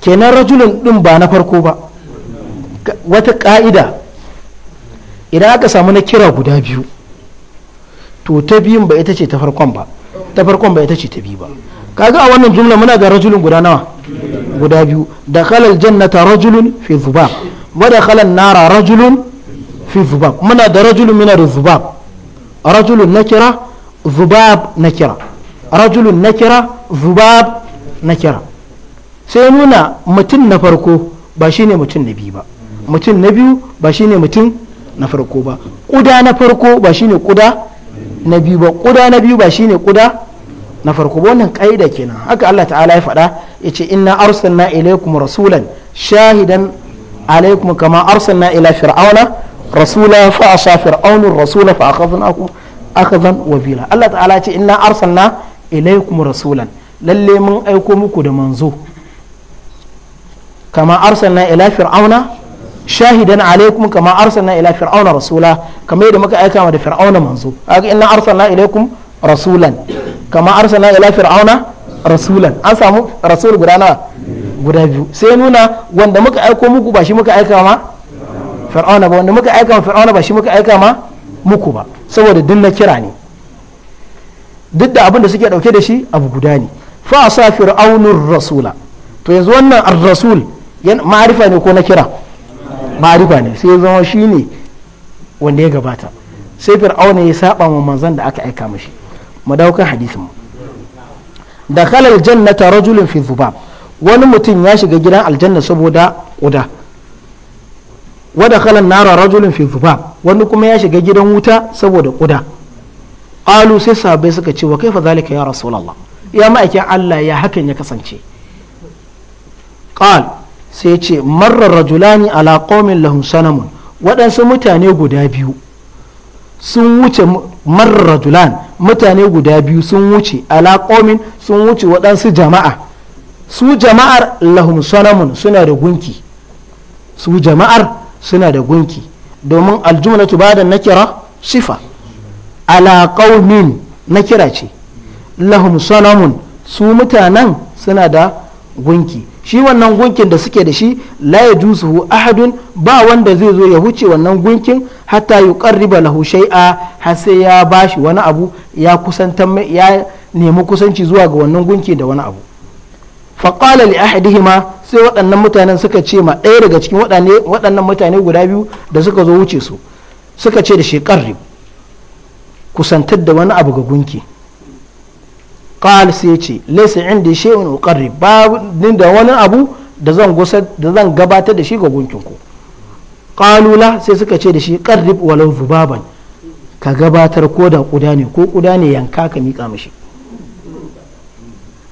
kenan rajulun din ba na farko ba wata ka'ida idan aka samu na kira guda biyu to ta biyun ba ita ce ta farkon ba ta farkon ba ita ce ta biyu ba kaga a wannan jumla muna ga rajulun guda nawa guda biyu da khalal jannata rajulun fi zubab wa da khalal nara rajulun fi zubab muna da rajulun mina da zubab rajulun nakira zubab nakira rajulun nakira zubab nakira sai nuna mutum na farko ba shine mutum na biyu ba mutum na biyu ba shine mutum na farko ba kuda na farko ba shine kuda na biyu ba kuda na biyu ba shine kuda na farko ba wannan kaida kenan haka Allah ta'ala ya faɗa ce inna arsalna ilaykum rasulan shahidan alaykum kama arsalna ila fir'auna rasula fa asa fir'aunu rasula fa akhadnakum akhadhan wabila Allah ta'ala ce inna arsalna ilaykum rasulan lalle mun aiko muku da manzo kama arsalna ila fir'auna shahidan alaikum kama arsalna ila fir'auna rasula kamar yadda muka aika da fir'auna manzo kaga inna arsalna ilaikum rasulan kama arsalna ila fir'auna rasulan an samu rasul guda nawa guda biyu sai nuna wanda muka aiko muku ba shi muka aika ma fir'auna ba wanda muka aika ma fir'auna ba shi muka aika ma muku ba saboda duk na kira ne duk da abin da suke dauke da shi abu guda ne fa sa fir'aunur rasula to yanzu wannan ar-rasul ma'arifa ne ko na kira ma'arifa ne sai zama shi ne wanda ya gabata sai fir'auna ya saba ma manzan da aka aika mashi mu dawo kan hadisin mu da kalal jannata rajulun fi zubab wani mutum ya shiga gidan aljanna saboda ƙuda wada kalan nara rajulun fi zubab wani kuma ya shiga gidan wuta saboda ƙuda alu sai sahabbai suka ce wa kaifa zalika ya rasulullah ya ma'aikin Allah ya hakan ya kasance qal sai ce marar rajulani ala qaumin lahum sanamun waɗansu mutane guda biyu sun wuce marar rajulan mutane guda biyu sun wuce ala qaumin sun wuce waɗansu jama'a su jama'ar lahum sanamun suna da gunki su jama'ar suna da gunki domin aljumlatu bada nakira sifa ala qaumin nakira ce lahum sanamun su mutanen suna da gunki shi wannan gunkin da suke da shi la ya jusuhu ahadun ba wanda zai zo ya wuce wannan gunkin hatta yukar lahu shay'a har sai ya bashi wani abu ya kusantar ya nemi kusanci zuwa ga wannan gunki da wani abu fa qala li ahadihima sai waɗannan mutanen suka ce ma ɗaya daga cikin waɗannan mutane guda biyu da suka zo wuce su suka ce da shi qarrib kusantar da wani abu ga gunki qal sai ce ya indi shay'un uqarrib ba din da wani abu da zan gabatar da shi ga gunkin ku sai suka ce da shi ƙarrib walau zubaban ka gabatar ko da kuda ne ko kuda ne yanka ka mika mishi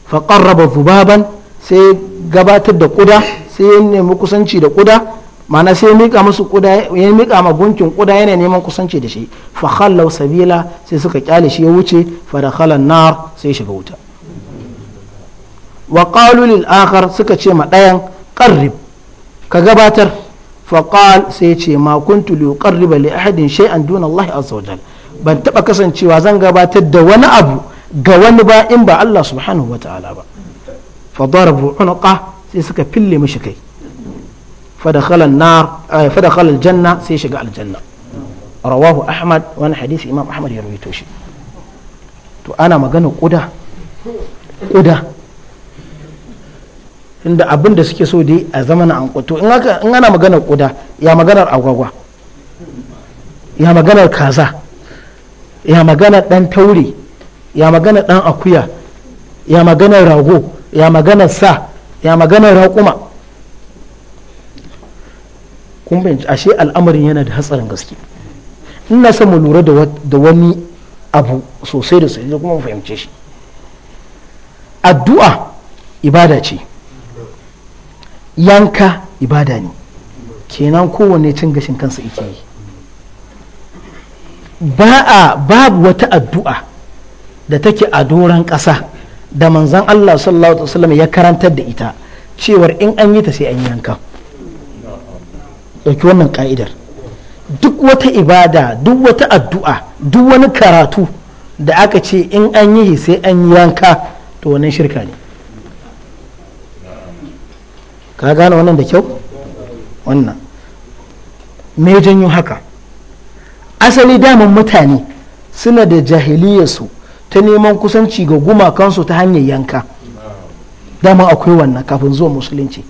fa raba zubaban sai gabatar da kuda sai ya nemi kusanci da kuda ma'ana sai ya mika musu kuda ya mika ma gunkin kuda yana neman kusanci da shi fa khallaw sabila sai suka kyale shi ya wuce fa khalan nar sai shiga wuta wa qalu lil akhar suka ce ma dayan qarrib ka gabatar fa qal sai ce ma kuntu li qarriba li ahadin shay'an duna Allah azza wajal ban taba kasancewa zan gabatar da wani abu ga wani ba in ba Allah subhanahu wataala ba fa darabu unqa sai suka fille mishi kai فدخل janna sai الجنة سيشق الجنة رواه أحمد وأنا حديث إمام أحمد يروي توشي تو أنا مجنو قدة قدة inda abin da suke so dai a zamanin an kwato in ana maganar kuda ya maganar agwagwa ya maganar kaza ya maganar ɗan tauri ya maganar ɗan akuya ya maganar rago ya maganar sa ya maganar raƙuma kun fahimci ashe al'amarin yana da hatsarin gaske ina son mu lura da wani abu sosai da sosai kuma mu fahimce shi addu'a ibada ce yanka ibada ne kenan kowanne cin gashin kansa yake yi ba a babu wata addu'a da take a doron ƙasa da manzan Allah sallallahu alaihi wasallam ya karantar da ita cewar in an yi ta sai an yanka ɗauki wannan ka'idar duk wata ibada duk wata addu'a duk wani karatu da aka ce in an yi sai an yi yanka to wannan shirka ne ka gane wannan da kyau wannan me janyo haka asali daman mutane suna da jahiliyarsu ta neman kusanci ga gumakansu ta hanyar yanka dama akwai wannan kafin zuwa musulunci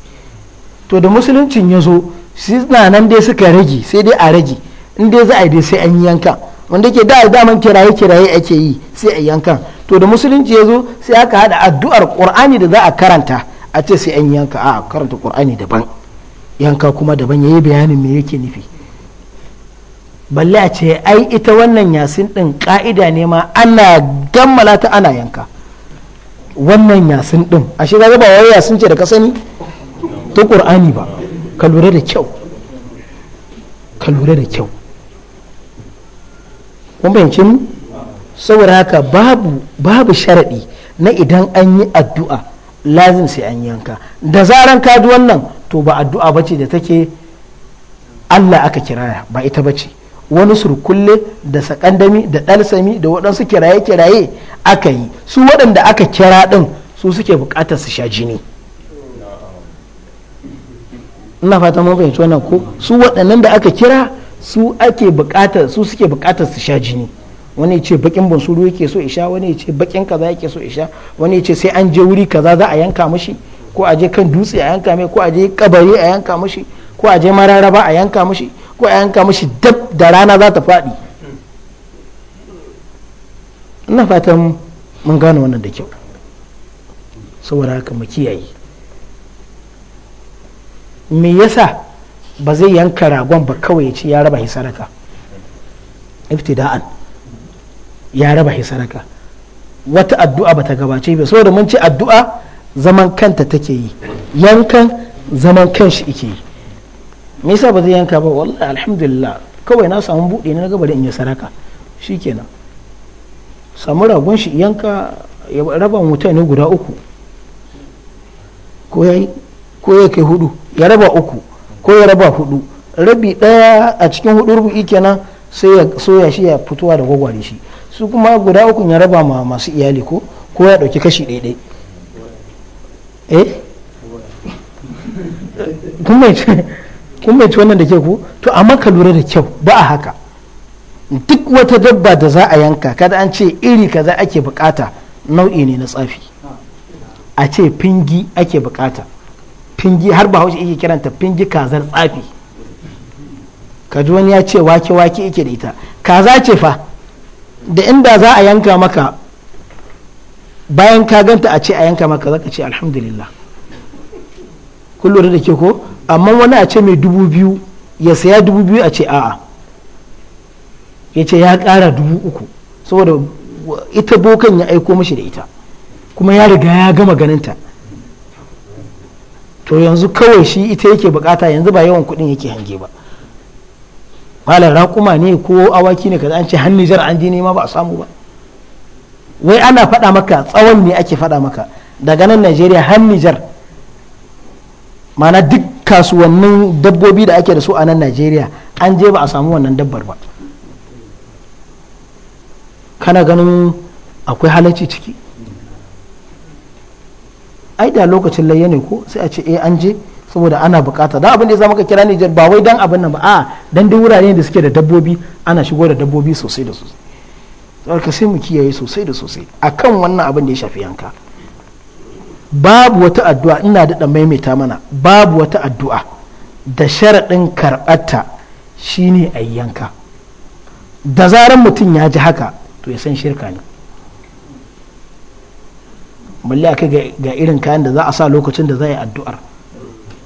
to da musuluncin ya zo suna nan dai suka rage sai dai a rage in dai za a yi dai sai an yanka wanda ke da daman kiraye kiraye ake yi sai a yanka to da musulunci ya zo sai aka hada addu'ar qur'ani da za a karanta a ce sai an yanka a karanta qur'ani daban yanka kuma daban yayi bayanin me yake nufi balle a ce ai ita wannan yasin din ka'ida ne ma ana gammala ta ana yanka wannan yasin din ashe ga ba wai yasin ce da ka sani ta qur'ani ba ka lura da kyau ka lura da kyau kun fahimci saboda haka babu babu sharaɗi na idan an yi addu'a lazim sai an yanka da zaran ka ji wannan to ba addu'a bace da take Allah aka kiraya ba ita ba ce wani surkulle da sakandami da dalsami da waɗansu kiraye-kiraye aka yi su waɗanda aka kira ɗin su suke buƙatar su sha jini ina fata mun fahimci wannan ko su waɗannan da aka kira su ake buƙatar su suke buƙatar su sha jini wani ya ce bakin bansuru yake so isha wani ya ce bakin kaza yake so isha wani ya ce sai an je wuri kaza za a yanka mashi ko a je kan dutse a yanka mai ko a je kabari a yanka mashi ko a je mararaba a yanka mashi ko a yanka mashi dab da rana za ta faɗi ina fatan mun gane wannan da kyau saboda haka mu kiyaye me yasa ba zai yanka ragon ba kawai ya ce ya raba hisaraka iftida'an ya raba hisaraka wata addu'a ba ta gabace ba saboda mun ce addu'a zaman kanta take yi yankan zaman kanshi ike yi me yasa ba zai yanka ba wallahi alhamdulillah kawai na samu buɗe na gaba da in ya saraka shikenan samu ragon shi yanka ya raba mutane guda uku ko ya kai hudu ya raba uku ko ya raba hudu rabi daya a cikin hudu rubu'i kenan sai ya soya shi ya fitowa da gwagware shi su kuma guda uku ya raba ma masu iyali ko ko ya dauki kashi daidai eh kun mai wannan da ke ku to amma ka lura da kyau ba a haka duk wata dabba da za a yanka kada an ce iri kaza ake bukata nau'i ne na tsafi a ce fingi ake bukata fingi har ba haushi yake kiranta fingi kazar tsafi kaji wani ya ce wake wake ike da ita kaza ce fa da inda za a yanka maka bayan ka ganta a ce a yanka maka zaka ce alhamdulillah kullum da ke ko amma wani a ce mai dubu biyu ya saya dubu biyu a ce a'a ya ce ya kara dubu uku saboda ita bokan ya aiko mashi da ita kuma ya riga ya gama ganinta to yanzu kawai shi ita yake bukata yanzu ba yawan kuɗin yake hange ba malar rakuma ne ko awaki ne kaza an ce hannun jar an je ma ba a samu ba wai ana faɗa maka tsawon ne ake faɗa maka daga nan najeriya har nijar mana duk kasuwannin dabbobi da ake da su a nan najeriya an je ba a samu wannan dabbar ba kana ganin akwai halacci ciki ai da lokacin layya ne ko sai a ce eh an je saboda ana bukata da abin da ya ka kira Niger ba wai dan abin nan ba a dan duk wurare da suke da dabbobi ana shigo da dabbobi sosai da sosai saboda sai mu kiyaye sosai da sosai akan wannan abin da ya shafi yanka babu wata addu'a ina da maimaita mana babu wata addu'a da sharaɗin karɓarta shine a yanka da zaran mutum ya ji haka to ya san shirka ne balle a kai ga irin kayan da za a sa lokacin da za a yi addu'ar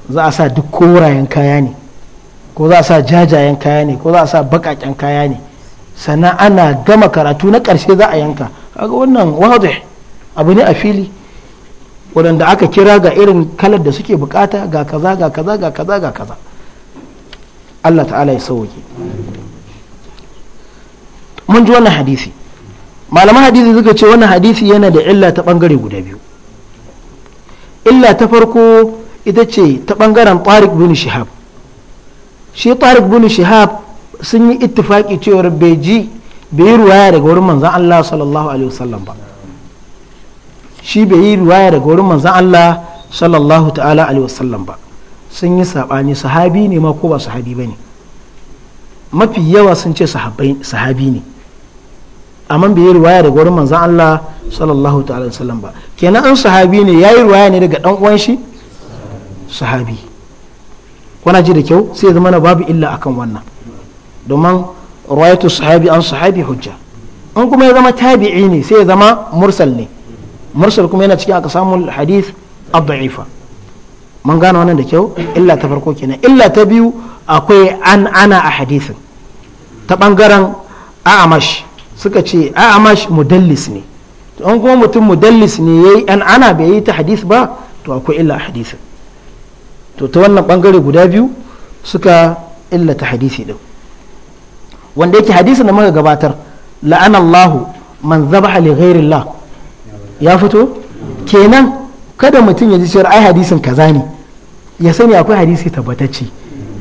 za a sa duk korayen kaya ne ko za a sa jajayen kaya ne ko za a sa baƙaƙen kaya ne sannan ana gama karatu na karshe za a yanka kaga wannan wadih abu ne a fili waɗanda aka kira ga irin kalar da suke bukata ga kaza ga kaza ga kaza ga kaza Allah ta'ala ya sauke mun ji wannan hadisi malaman hadisi suka ce wannan hadisi yana da illa ta bangare guda biyu illa ta farko ita ce ta bangaren tariq bin shihab shi tariq bin shihab sun yi ittifaki cewar bai ji bai yi ruwaya daga wurin manzan Allah sallallahu alaihi wasallam ba shi bai yi ruwaya daga wurin manzan Allah sallallahu ta'ala alaihi wasallam ba sun yi sabani sahabi ne ma ko ba sahabi bane mafi yawa sun ce sahabi ne amma bai yi riwaya daga wurin manzon Allah sallallahu ta'ala wasallam ba kenan an sahabi ne yayi riwaya ne daga dan uwan shi sahabi kuna ji da kyau sai zama na babu illa akan wannan domin riwayatu sahabi an sahabi hujja in kuma ya zama tabi'i ne sai ya zama mursal ne mursal kuma yana cikin aka samu hadith ad-da'ifa man gane wannan da kyau illa ta farko kenan illa ta biyu akwai an ana a hadisin ta bangaren a'amash suka ce a amash mudallis ne to an kuma mutum mudallis ne yayi an ana bai yi ta hadith ba to akwai illa hadisin to ta wannan bangare guda biyu suka illa ta hadisi din wanda yake hadisi da muka gabatar la'anallahu man zabaha li ghairillah ya fito kenan kada mutum ya ji cewa ai hadisin kaza ne ya sani akwai hadisi tabbatacce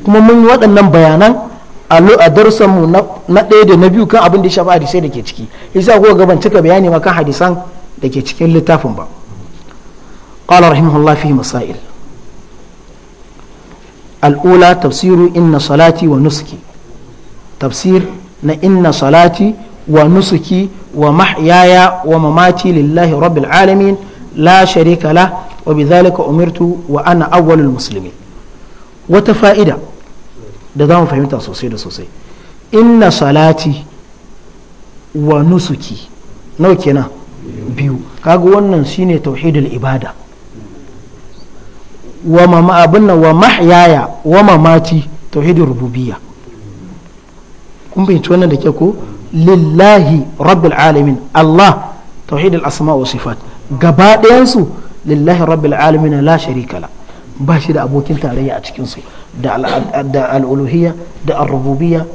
kuma mun waɗannan bayanan a darussan mu na ɗaya da na biyu kan abin da ya shafi hadisai da ke ciki yasa ko ga ban cika bayani ma kan hadisan da ke cikin littafin ba qala rahimahullah fi masail al'ula tafsiru inna salati wa nusuki tafsir na inna salati wa nusuki wa mahyaya wa mamati lillahi rabbil alamin la sharika lah wa bidhalika umirtu wa ana awwalul muslimin wata fa'ida da za mu fahimta sosai da sosai inna salati wa nusuki nawa kenan biyu kaga wannan shine tauhidul ibada wa mama abinna wa mahyaya wa mamati tauhidul rububiyya kun fahimci wannan da ke ko lillahi rabbil alamin Allah tauhidul asma wa sifat gaba ɗayansu lillahi rabbil alamin la sharika la ba shi da abokin tarayya a cikin su da al'uluhiyya da al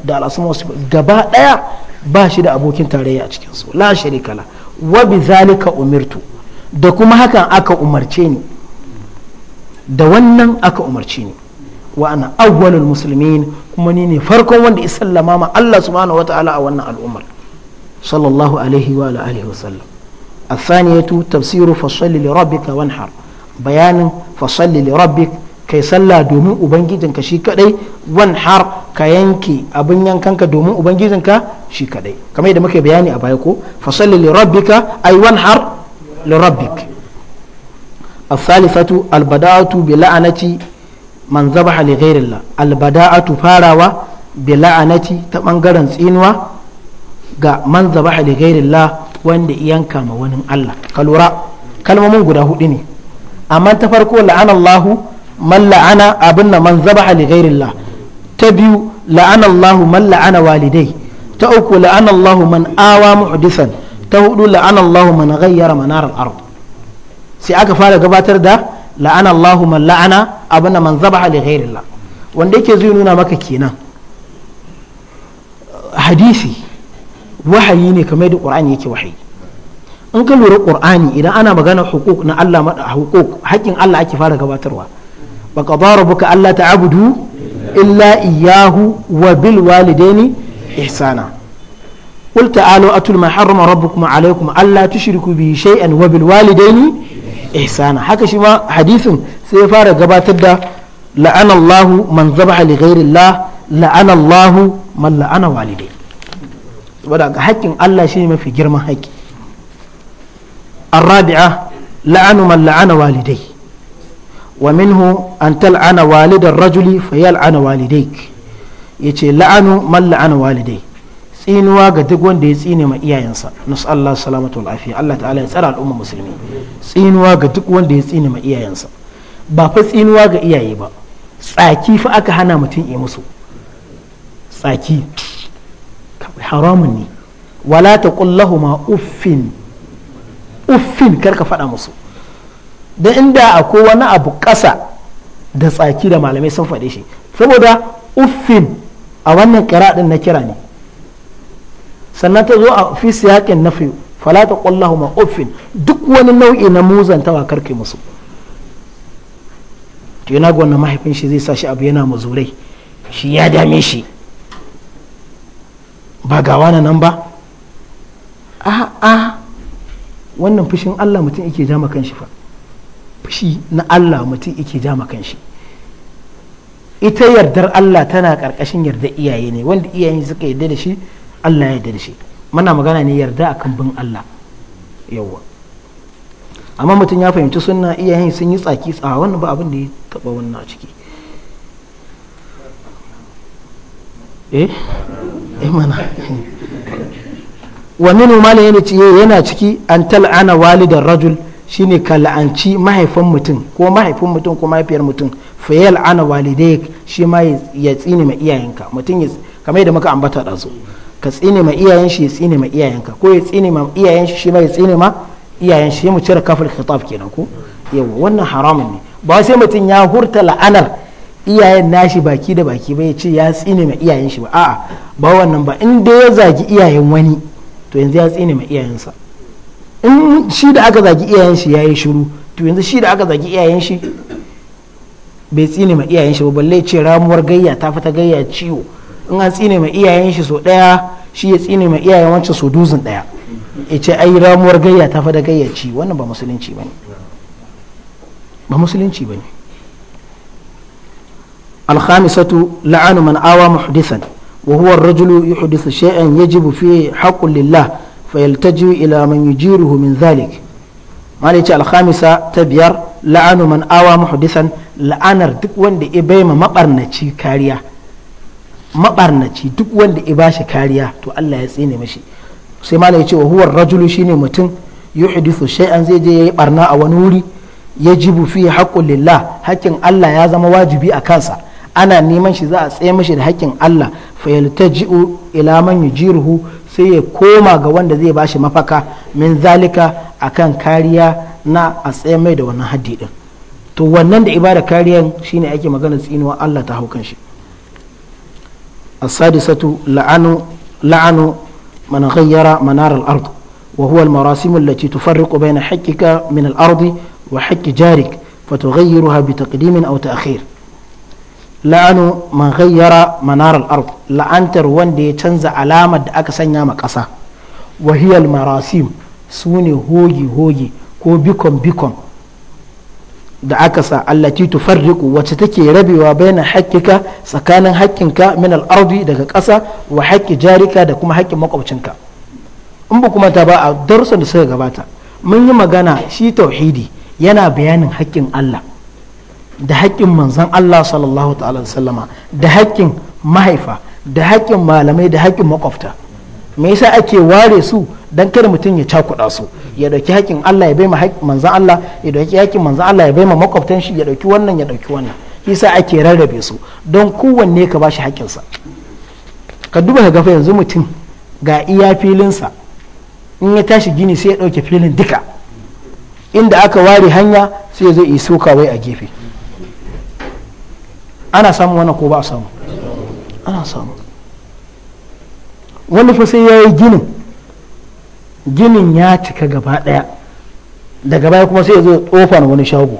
da al'asma wasu gaba daya ba shi da abokin tarayya a cikinsu la sharika kala wa bi zalika umirtu da kuma hakan aka umarce ni da wannan aka umarce ni wa ana awwalul musulmin kuma ni ne farkon wanda isallama ma Allah subhanahu wataala a wannan al'ummar sallallahu alaihi wa alihi wa sallam الثانية تفسير فصل لربك وانحر بيان فصل لربك kai sallah domin ubangijinka shi kadai wan har ka yanke abin yankanka domin ubangijinka shi kadai kamar yadda muke bayani a baya ko fa salli li rabbika ay wan har li rabbik الثالثة البداءة بلعنة من ذبح لغير الله البداءة فاروا بلعنة تمنغرن تسينوا ga man zabaha li ghairillah wanda yanka ma wani Allah ka lura kalmomin guda huɗu ne amma ta farko la'anallahu man la'ana abin nan man zabaha li ghairillah ta biyu la'ana Allahu man la'ana walidai ta uku la'ana Allahu man awa muhdisan ta hudu la'ana Allahu man ghayyara manar al-ard sai aka fara gabatar da la'ana Allahu man la'ana abin nan man zabaha li ghairillah wanda yake zai nuna maka kenan hadisi wahayi ne kamar da qur'ani yake wahayi in ka lura qur'ani idan ana magana hukuk na Allah hukuk haƙƙin Allah ake fara gabatarwa wa qada rabbuka alla ta'budu illa iyyahu wa bil walidaini ihsana قل تعالوا أتل ما حرم ربكم عليكم ألا تشركوا به شيئا وبالوالدين إحسانا هكا شما حديث سيفار قبات الدا لعن الله من ذبح لغير الله لعن الله من لعن والديه ودا حق الله شيء ما في جرم حق الرابعة لعن من لعن والديه wa minhu an tal'ana walidar rajuli fa yal'ana walidayk yace la'anu man la'ana walidai tsinuwa ga duk wanda ya tsine ma iyayensa nasallahu salamatu wal afiya Allah ta'ala ya tsara al'umma musulmi tsinuwa ga duk wanda ya tsine ma ba fa tsinuwa ga iyaye ba tsaki fa aka hana mutum yi musu tsaki haramun ne wala ta lahuma uffin uffin karka faɗa musu da inda akwai wani abu ƙasa da tsaki da malamai sun faɗe shi saboda uffin a wannan kira din na kira ne sannan ta zo a fi siyaƙin na fi ta ƙwallahu ma uffin duk wani nau'i na muzantawa karke musu to yana ga mahaifin shi zai sa shi abu yana mazurai shi ya dame shi ba gawa na nan ba a a wannan fushin Allah mutum yake jama kan shi fa shi na Allah mutum yake ja makan shi ita yardar Allah tana karkashin yarda iyaye ne wanda iyaye suka yarda da shi Allah ya yarda da shi muna magana ne yarda akan bin Allah yawwa amma mutum ya fahimci sunna iyaye sun yi tsaki tsawa wannan ba abin da ya taba wannan a ciki eh eh mana wa minu mala yana ciki an tal'ana walidar rajul shine ka la'anci mahaifin mutum ko mahaifin mutum ko mahaifiyar mutum fayal ana walidai shi ma ya tsine ma iyayenka mutum ya kamar yadda muka ambata da su ka tsine ma iyayen shi ya tsine ma iyayenka ko ya tsine ma iyayen shi shi ma ya tsine ma iyayen shi mu cire kafin khitab kenan ko yawa wannan haramun ne ba sai mutum ya hurta la'anar iyayen nashi baki da baki ba ya ce ya tsine ma iyayen shi ba a'a ba wannan ba inda ya zagi iyayen wani to yanzu ya tsine ma iyayensa in shi da aka zagi iyayen shi yayi shiru to yanzu shi da aka zagi iyayen shi bai tsine ma iyayen shi ba balle ce ramuwar gayya ta fata gayya ciwo in an tsine ma iyayen shi so daya shi ya tsine ma iyayen wancan so dozin daya ya ce ai ramuwar gayya ta fata gayya ci wannan ba musulunci bane ba musulunci bane alkhamisatu la'anu man awa muhdisan wa huwa ar-rajulu ya shay'an yajibu fihi haqqun lillah فيلتجئ إلى من يجيره من ذلك ما ليش الخامسة تبير لعن من آوى محدثا la'anar duk wanda ya bai ma mabarnaci kariya mabarnaci duk wanda i bashi kariya to Allah ya tsine mashi sai ma ya ce wa huwar rajulu shine mutum yuhdithu shay'an zai je ya yi ɓarna a wani wuri ya ji bufi haqqul lillah hakkin Allah ya zama wajibi a kansa ana neman shi za'a a tsaye da hakkin Allah fa yaltaji'u ila man yujiruhu sai ya koma ga wanda zai bashi mafaka min zalika akan kariya na a tsaye mai da wannan haddi din to wannan da ibada kariyan shine ake magana tsinuwa Allah ta haukan shi as-sadisatu la'anu la'anu man ghayyara manar al-ard wa huwa al-marasim allati tufarriqu bayna haqqika min al-ard wa haqqi jarik au بتقديم أو تأخير la'anu man ghayyara manaral ard la'antar wanda ya canza alamar da aka sanya ma ƙasa wahiyal marasim su ne hogi hogi ko bikon bikon da aka sa allati tufarriqu wacce take rabewa bayanan hakkika tsakanin hakkinka min al-ardi daga ƙasa wa hakki jarika da kuma hakkin makwabcinka in ba kuma ta ba a darsan da suka gabata mun yi magana shi tauhidi yana bayanin haƙƙin Allah da haƙƙin manzan Allah sallallahu ta'ala sallama da haƙƙin mahaifa da haƙƙin malamai da haƙƙin makwabta me yasa ake ware su dan kada mutum ya cakuɗa su ya ɗauki haƙƙin Allah ya baima manzan Allah ya ɗauki haƙƙin manzan Allah ya baima makwabtan shi ya ɗauki wannan ya ɗauki wannan yasa ake rarrabe su don kowanne ka bashi sa. ka duba ka gafa yanzu mutum ga iya filin sa in ya tashi gini sai ya ɗauke filin duka inda aka ware hanya sai ya zo yi wai a gefe ana samun wannan ko ba a samu ana samu wani fa sai ya yi ginin ginin ya cika gaba daya daga baya kuma sai ya zo tsofa na wani shago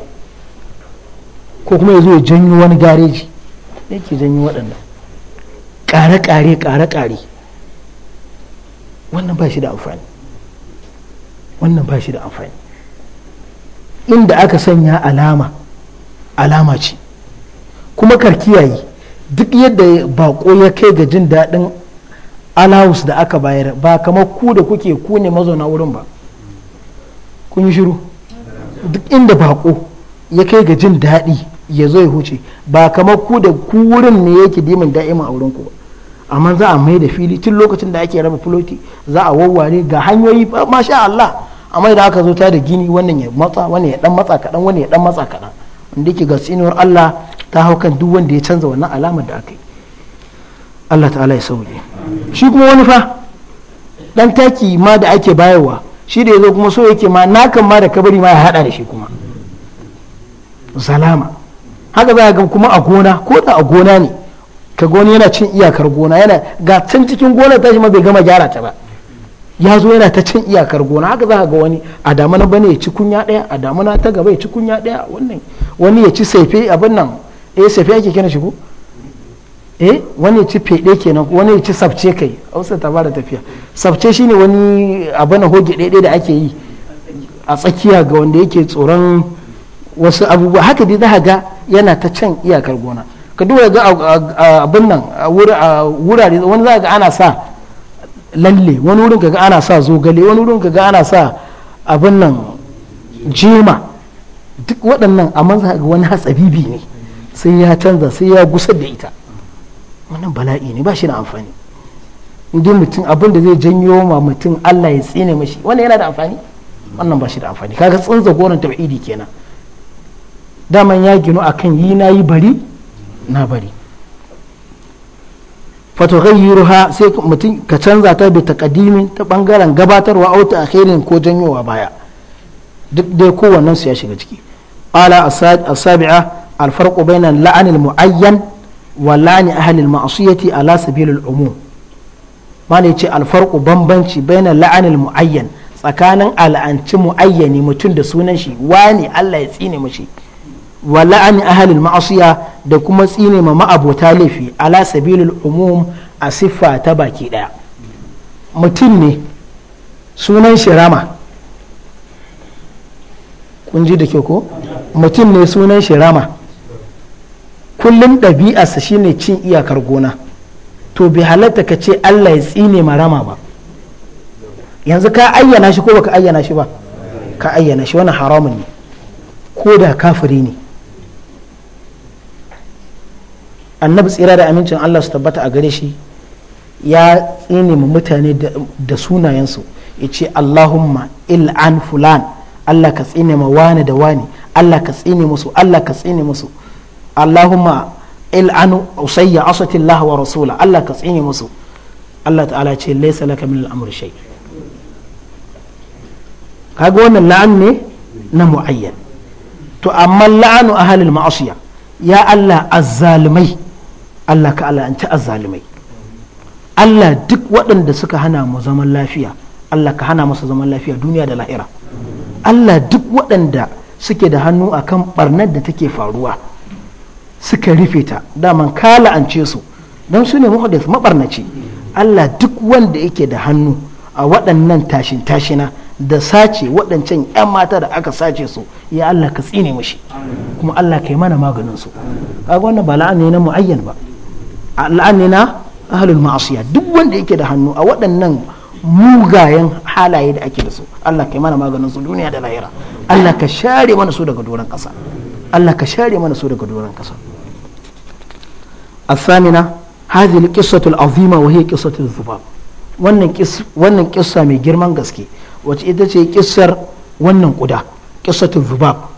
ko kuma ya zo ya janyo wani gareji yake janyo waɗannan ƙare-ƙare ƙare-ƙare wannan ba shi da amfani wannan ba shi da amfani inda aka sanya alama alama ce kuma karkiyayi duk yadda bako ya kai ga jin daɗin alawus da aka bayar ba kamar ku da kuke ku ne mazauna wurin ba kun yi shiru duk inda bako ya kai ga jin daɗi ya zo ya huce ba kamar ku da ku wurin ne yake dimin da'imin a wurin ku ba amma za a mai da fili tun lokacin da ake raba filoti za a wawware ga hanyoyi masha Allah amma da aka zo ta da gini wannan ya matsa wannan ya dan matsa kaɗan wannan ya dan matsa kaɗan inda ke ga tsinuwar Allah ta hau kan duk wanda ya canza wannan alamar da aka yi Allah ta'ala ya sauke shi kuma wani fa dan taki ma da ake bayarwa shi da ya zo kuma so yake ma nakan ma da kabari ma ya hada da shi kuma Zalama. haka za ga kuma a gona ko da a gona ne ka gona yana cin iyakar gona yana ga can cikin gona ta shi ma bai gama gyara ta ba ya zo yana ta cin iyakar gona haka za ga wani a damana bane ya ci kunya daya a damana ta gaba ya ci kunya daya wannan wani ya ci saife abin nan eh Safiya ake kira shigo eh wani ci fede kenan wani ya ci sabce kai hausa ta fara tafiya sabce shine wani abu na hoge daidai da ake yi a tsakiya ga wanda yake tsoron wasu abubuwa haka dai za ga yana ta can iyakar gona ka duba ga abin nan a wurare wani za ga ana sa lalle wani wurin kaga ana sa zogale wani wurin kaga ana sa abin nan jema duk waɗannan amma za ga wani hatsabibi ne sai ya canza sai ya gusar da ita wannan bala'i ne ba shi na amfani inda mutum abin da zai janyo ma mutum Allah ya tsine mashi wannan yana da amfani wannan ba shi da amfani kaga tsanza goron tauhidi kenan daman ya ginu kan yi na yi bari na bari Fato fatughayyiruha sai mutum ka canza ta bi takadimin ta bangaren gabatarwa auta a akhirin ko janyowa baya duk dai kowannen su ya shiga ciki ala asabi'a الفرق بين اللعن المعين ولعن أهل المعصية على سبيل العموم ما نيجي الفرق بمبنشي بين اللعن المعين tsakanin al'anci mu'ayyani mutum da sunan shi wani Allah ya tsine mashi wa la'ani ahalil ma'asiya da kuma tsine ma ma'abota laifi ala sabilul umum a siffa ta baki ɗaya. mutum ne mutum ne sunan shi rama kullum ɗabi'arsa shine cin iyakar gona to bai halatta ka ce Allah ya tsine marama ba yanzu ka ayyana shi ko baka ayyana shi ba ka ayyana shi wani haramun ne ko da kafiri ne annabi tsira da amincin Allah su tabbata a gare shi ya tsine ma mutane da sunayensu ya ce Allahumma il'an fulan Allah ka tsine ma wani da wani Allah ka tsine musu Allah ka tsine musu Allahumma il'anu usayya asati Allah wa rasula Allah ka tsine musu Allah ta'ala ce laysa laka min al'amr shay kaga wannan la'an ne na muayyan to amma la'anu ahli al-ma'asiya ya Allah azzalimai Allah ka ala'anci azzalimai Allah duk waɗanda suka hana mu zaman lafiya Allah ka hana masa zaman lafiya duniya da lahira Allah duk waɗanda suke da hannu akan barnar da take faruwa suka rufe ta daman ka la'ance su don su ne su mabarnaci Allah duk wanda yake da hannu a waɗannan tashin tashina da sace waɗancan 'yan mata da aka sace su ya Allah ka tsine mashi kuma Allah ka yi mana maganin su kaga wannan ba la'ani na mu'ayyan ba la'ani na ahlul ma'asiya duk wanda yake da hannu a waɗannan mugayen halaye da ake da su Allah ka yi mana maganin su duniya da lahira Allah ka share mana su daga doron ƙasa Allah ka share mana su daga doron ƙasa a Samina القصة العظيمة وهي قصة الذباب wannan kis wannan kissa mai girman gaske wacce ita ce kissar wannan kuda kissatul zubab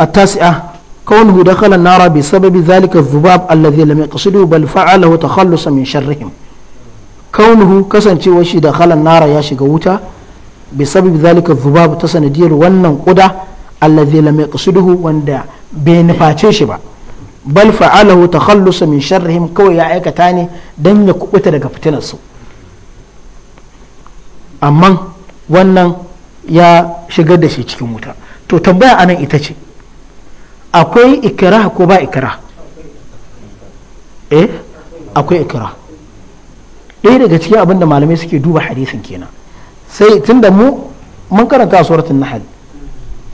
at-tasi'a kawnuhu dakhala an-nara bi sababi zalika az-zubab alladhi lam yaqsidu bal fa'alahu takhallusan min sharrihim kawnuhu kasancewa shi dakhala an-nara ya shiga wuta bi sababi zalika az-zubab ta sanadiyar wannan kuda alladhi lam yaqsiduhu wanda bai nufa ce shi ba bal fa'alahu takhallusa min sharrihim kawai ya aikata ne dan ya kubuta daga fitinarsu amma wannan ya shigar da shi cikin wuta to tambaya anan ita ce akwai ikira ko ba ikira eh akwai ikira ɗaya daga cikin abin da malamai suke duba hadisin kenan sai tunda mu mun karanta suratul nahl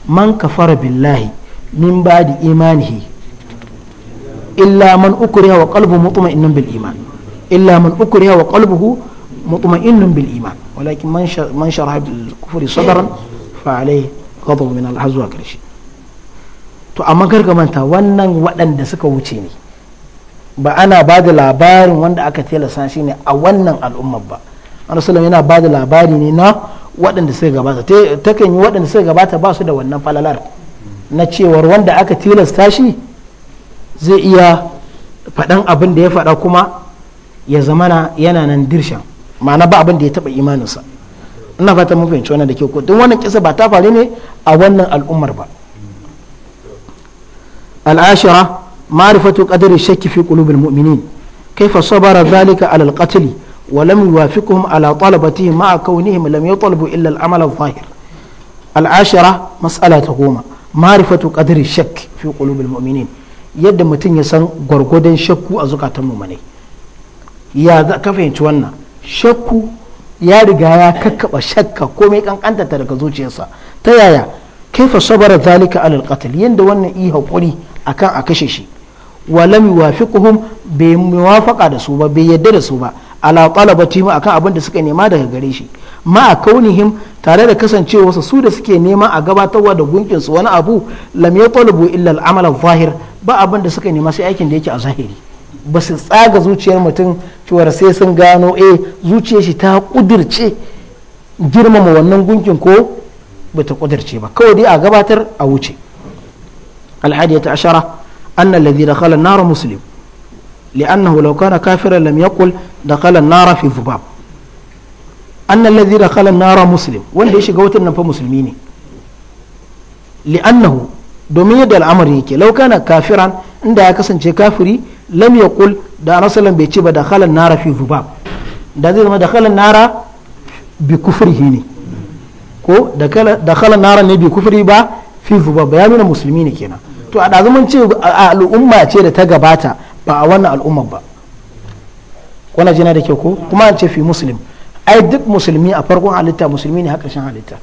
man kafara billahi min ba'di imanihi illa man ukriha wa qalbuhu mutma'innun bil iman illa man ukriha wa qalbuhu mutma'innun bil iman walakin man man sharaha bil kufri sadran fa alayhi ghadab min al to amma karka manta wannan waɗanda suka wuce ne ba ana ba da labarin wanda aka tilasta shi ne a wannan al'ummar ba rasulullah yana ba da labari ne na waɗanda suka gabata ta kan yi waɗanda suka gabata ba su da wannan falalar na cewar wanda aka tilasta shi zai iya faɗan abin da ya faɗa kuma ya zamana yana nan dirshan ma'ana ba abin da ya taɓa imaninsa ina fata mun fahimci wannan da ke don wannan kisa ba ta faru ne a wannan al'ummar ba al'ashira ma'rifatu qadri shakki fi qulubil mu'minin kaifa sabara dhalika ala al-qatl wa lam yuwafiqhum ala talabatihi ma'a kawnihim lam yatalabu illa al-amal adh-dhahir al'ashira mas'ala ta goma ma'rifatu qadri shakki fi qulubil mu'minin yadda mutum ya san gwargwadon shakku a zukatan ne ya ka fahimci wannan shakku ya riga ya kakkaba shakka komai kankanta ta daga zuciyarsa ta yaya kaifa sabara zalika alal qatl yanda wannan yi hakuri akan a kashe shi wa lam yuwafiquhum bai muwafaqa da su ba bai yadda da su ba ala talabati ma akan abin da suka nema daga gare shi ma a kaunihim tare da kasancewarsa su da suke nema a gabatarwa da gunkin su wani abu lam yatalabu illa al-amal zahir ba abin da suka nema sai aikin da yake a zahiri ba su tsaga zuciyar mutum cewar sai sun gano eh zuciyar shi ta kudirce girmama wannan gunkin ko ba ta kudirce ba kawai dai a gabatar a wuce alhadiyata ashara anna alladhi dakhala an-nar muslim li'annahu law kana kafiran lam yaqul dakhala an-nar fi dhubab anna alladhi dakhala an muslim wanda ya shiga wutar nan fa musulmi ne li'annahu domin yadda al'amari yake laukana kafiran inda ya kasance kafiri lam ya kul da anasalan bai ce ba da khalan nara fi da zai zama da khalan nara bi kufrihi ne ko da khalan nara ne bi kufri ba fi hubab ya nuna musulmi ne kenan to a dazumin ce al'umma ce da ta gabata ba a wannan al'umma ba wannan jina da kyau ko kuma an ce fi muslim ai duk musulmi a farkon halitta musulmi ne har ƙarshen halitta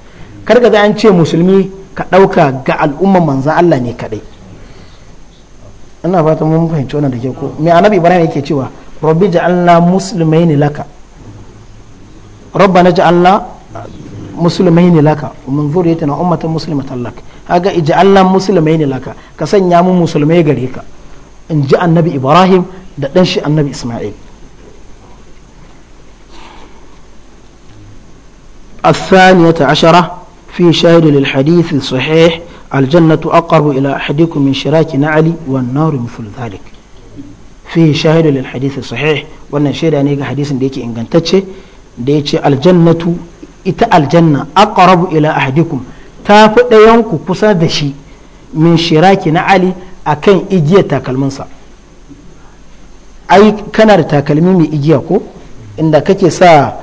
karka ga an ce musulmi ka ɗauka ga al'umman manzan Allah ne kaɗai ina fata mun fahimci wannan da ke ko mai annabi ibrahim yake cewa rabbi ja'alna muslimaini laka rabbana ja'alna muslimaini laka wa min zurriyatina ummatan muslimatan lak haga ij'alna muslimaini laka ka sanya mu musulmai gare ka in ji annabi ibrahim da ɗan shi annabi isma'il الثانية عشرة في شاهد للحديث الصحيح الجنة أقرب إلى أحدكم من شراك نعلي والنار مثل ذلك في شاهد للحديث الصحيح wannan shaida ne ga hadisin da yake ingantacce da ya ce aljannatu ita aljanna aqrabu ila ahadikum ta fi ɗayanku kusa da shi min shiraki na ali akan igiyar takalminsa ai kana da takalmi mai igiya ko inda kake sa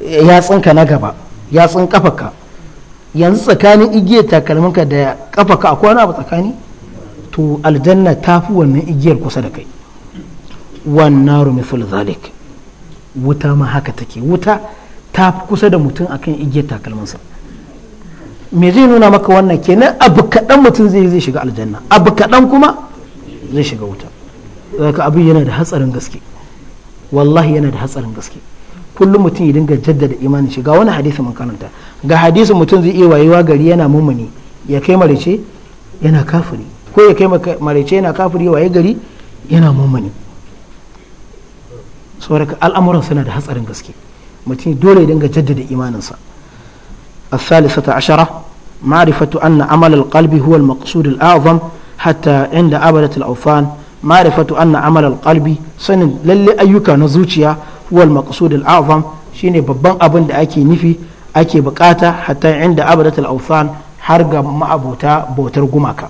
yatsinka na gaba yatsin kafarka yanzu tsakanin igiyar takalminka da kafa ka akwai wani abu tsakani to aljanna ta fi wannan igiyar kusa da kai wannan rumi zalik wuta ma haka take wuta ta fi kusa da mutum akan igiyar sa me zai nuna maka wannan kenan abu kaɗan mutum zai zai shiga aljanna abu kaɗan kuma zai shiga wuta zaka abin yana da hatsarin gaske wallahi yana da hatsarin gaske kullum mutum ya dinga jaddada imanin shiga wani hadisi mun karanta ga hadisi mutum zai iya wayewa gari yana mummuni ya kai marice yana kafiri ko ya kai marice yana kafiri waye gari yana mummuni saboda al'amuran suna da hatsarin gaske mutum dole ya dinga jaddada imaninsa الثالثة عشرة معرفة أن عمل القلب هو المقصود الأعظم حتى عند عبدة الأوثان معرفة أن عمل القلب سن للي أيوكا نزوتيا هو المقصود الأعظم شيني ببان أبن دا أكي نفي ake bukata hatta inda abadatul awthan har ga ma'abuta bautar gumaka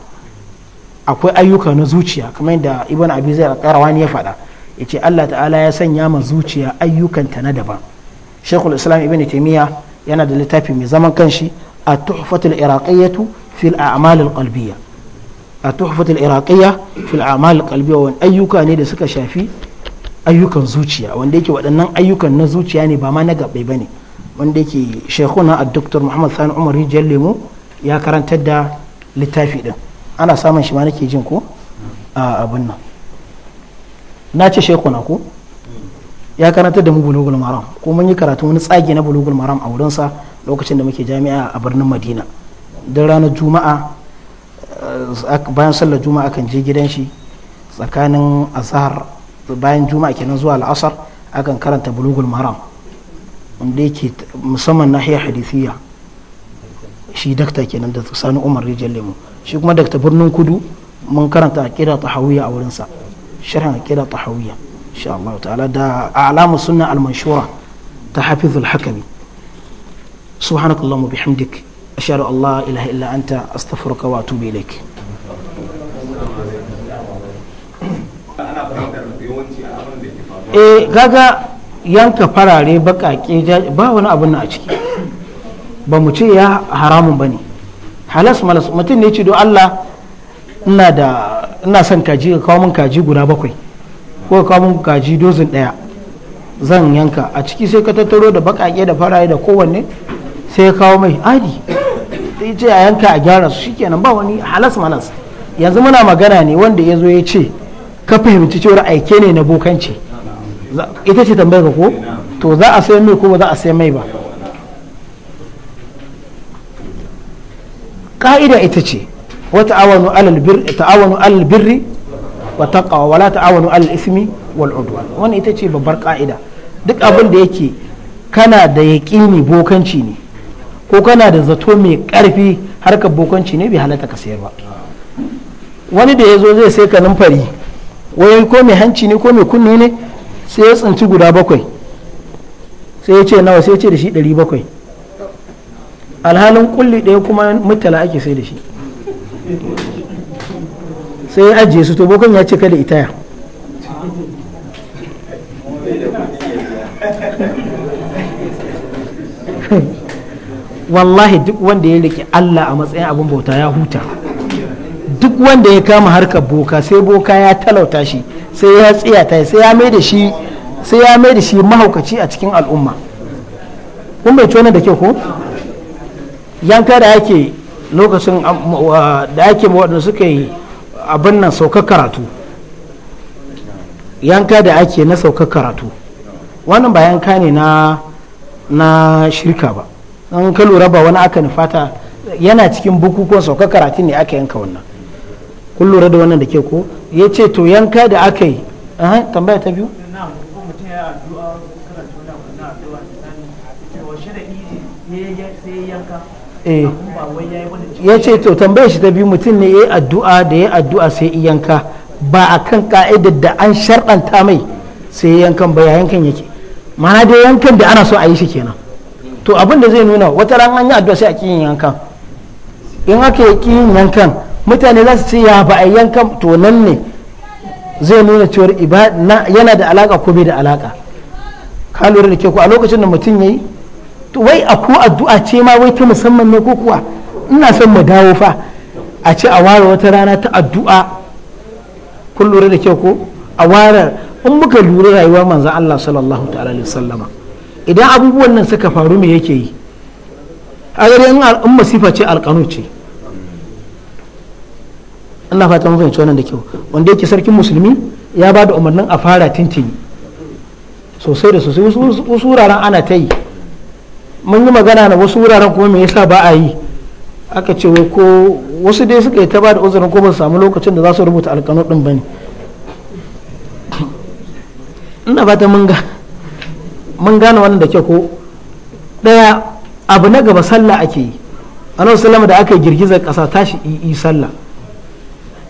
akwai ayyuka na zuciya kamar yadda ibn abi zai al ya faɗa yace Allah ta'ala ya sanya ma zuciya ayyukanta na daban shaykhul islam ibn taymiya yana da littafi mai zaman kanshi at-tuhfatul iraqiyyatu fil a'mal al-qalbiyya at-tuhfatul iraqiyya fil a'mal al-qalbiyya wa ayyuka ne da suka shafi ayyukan zuciya wanda yake waɗannan ayyukan na zuciya ne ba ma na gaɓai bane wanda yake shekuna a dr muhammad sani umar hijiyar lemo ya karantar da littafi din ana samun shi ma nake jin ko a abin nan na ce shekuna ko ya karantar da mu bulugul maram ko mun yi karatu wani tsage na bulugul maram a wurinsa lokacin da muke jami'a a birnin madina da ranar juma'a eh, bayan sallar juma'a kan je gidan shi tsakanin azhar bayan juma'a kenan zuwa al'asar akan karanta bulugul maram wanda yake musamman nahiyar hadisiya shi dakta kenan da sani umar rijal lemu shi kuma dakta birnin kudu mun karanta a kira tahawiyya a wurinsa shirin a kira tahawiyya insha Allah ta'ala da alamu sunna al-manshura ta hafizul hakami subhanakallahumma bihamdik ashhadu an la ilaha illa anta astaghfiruka wa atubu ilaik eh gaga yanka farare baƙaƙe ba wani abin na a ciki ba mu ce ya haramun ba ne halas malas mutum ne ce do allah ina da ina son kaji ka kawo min kaji guda bakwai ko ka kawo min kaji dozin ɗaya zan yanka a ciki sai ka tattaro da baƙaƙe da farare da kowanne sai ka kawo mai adi sai ce a yanka a gyara su shikenan ba wani halas malas yanzu muna magana ne wanda ya zo ya ce ka fahimci cewar aike ne na bokanci ita ce tambayar ka ko to za a sai mai ko ba za a sai mai ba ka'ida ita ce wa ta'awanu alal birri ta'awanu alal birri wa taqwa wa la ta'awanu alal ismi wal udwan wannan ita ce babbar ka'ida duk abin da yake kana da yaqini bokanci ne ko kana da zato mai karfi harkar bokanci ne bai halatta ka sayar ba wani da ya zo zai sai ka numfari wai ko mai hanci ne ko mai kunni ne sai ya tsinci guda bakwai sai ya ce nawa sai ya ce da shi ɗari bakwai alhalin kulli ɗaya kuma mutala ake sai da shi sai ya ajiye su to bakwai ya cika da itaya wallahi duk wanda ya rike Allah a matsayin abin bauta ya huta duk wanda ya kama harkar boka sai boka ya talauta shi sai ya ta sai ya mai da shi sai ya mai da shi mahaukaci a cikin al'umma kun bai tona da kyau ko yanka da ake lokacin da ake waɗanda suka yi abin nan saukar karatu yanka da ake na saukar karatu wannan ba yanka ne na na shirka ba an ka lura ba wani aka nufata yana cikin bukukuwan saukar karatu ne aka yanka wannan kun lura da wannan da ke ko ya ce to yanka da aka yi tambaya ta biyu eh. ya ce to tambaya shi ta biyu mutum ne ya yi addu'a da ya addu'a sai yi yanka ba a kan ka'idar da an sharɗanta mai sai yi yankan ba ya yankan yake mana dai yankan da ana so a yi shi kenan to abin da zai nuna wata ran an yi addu'a sai a ƙi yin yankan in aka yi ƙi yin yankan mutane za su ce ya ba a yanka to nan ne zai nuna cewar yana da alaka ko bai da alaka ka lura da ke ku a lokacin da mutum ya yi to wai a ko addu'a ce ma wai ta musamman ne ko kuwa ina son mu dawo fa a ce a ware wata rana ta addu'a kun lura da ke ku a ware in muka lura rayuwar manzan Allah sallallahu ta'ala alaihi sallama idan abubuwan nan suka faru me yake yi a in masifa ce alƙanu ce Allah fata mun fahimci wannan da kyau wanda yake sarkin musulmi ya ba da umarnin a fara tintini sosai da sosai wasu wuraren ana ta yi mun yi magana na wasu wuraren kuma me yasa ba a yi aka ce ko wasu dai suka yi ta ba da uzurin ko ba su samu lokacin da za su rubuta alkanu din ne ina fata mun ga mun gane wannan da kyau ko daya abu na gaba sallah ake yi annabi sallama da aka yi girgizar kasa tashi yi sallah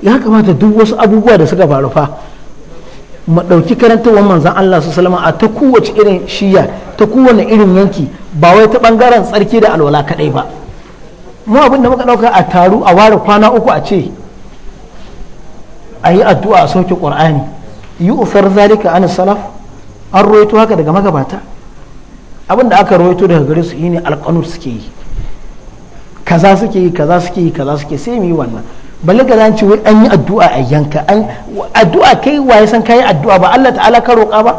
ya kamata duk wasu abubuwa da suka faru fa mu ɗauki karantarwar manzan Allah su salama a ta kowace irin shiya ta kowane irin yanki ba wai ta ɓangaren tsarki da alwala kaɗai ba mu abin da muka ɗauka a taru a ware kwana uku a ce a yi addu'a a sauke ƙur'ani yi ufar zalika an salaf an roito haka daga magabata abin da aka roito daga gare su yi ne alƙanur suke yi kaza suke yi kaza suke yi kaza suke sai mu yi wannan balaga ka ci wai an yi addu'a a yanka an addu'a kai waye san kai addu'a ba Allah ta'ala ka roƙa ba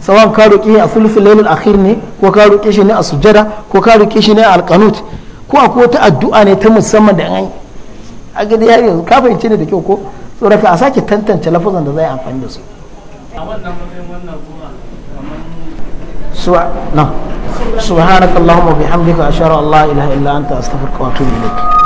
sawan ka roƙe a fulfil lailul akhir ne ko ka roƙe shi ne a sujjada ko ka roƙe shi ne a alqanut ko a ko ta addu'a ne ta musamman da an a ga da yare ka fahimce ne da kyau ko tsoraka a sake tantance lafazan da zai amfani da su a wannan wannan kuma سبحانك اللهم وبحمدك أشهد أن لا إله إلا أنت أستغفرك وأتوب إليك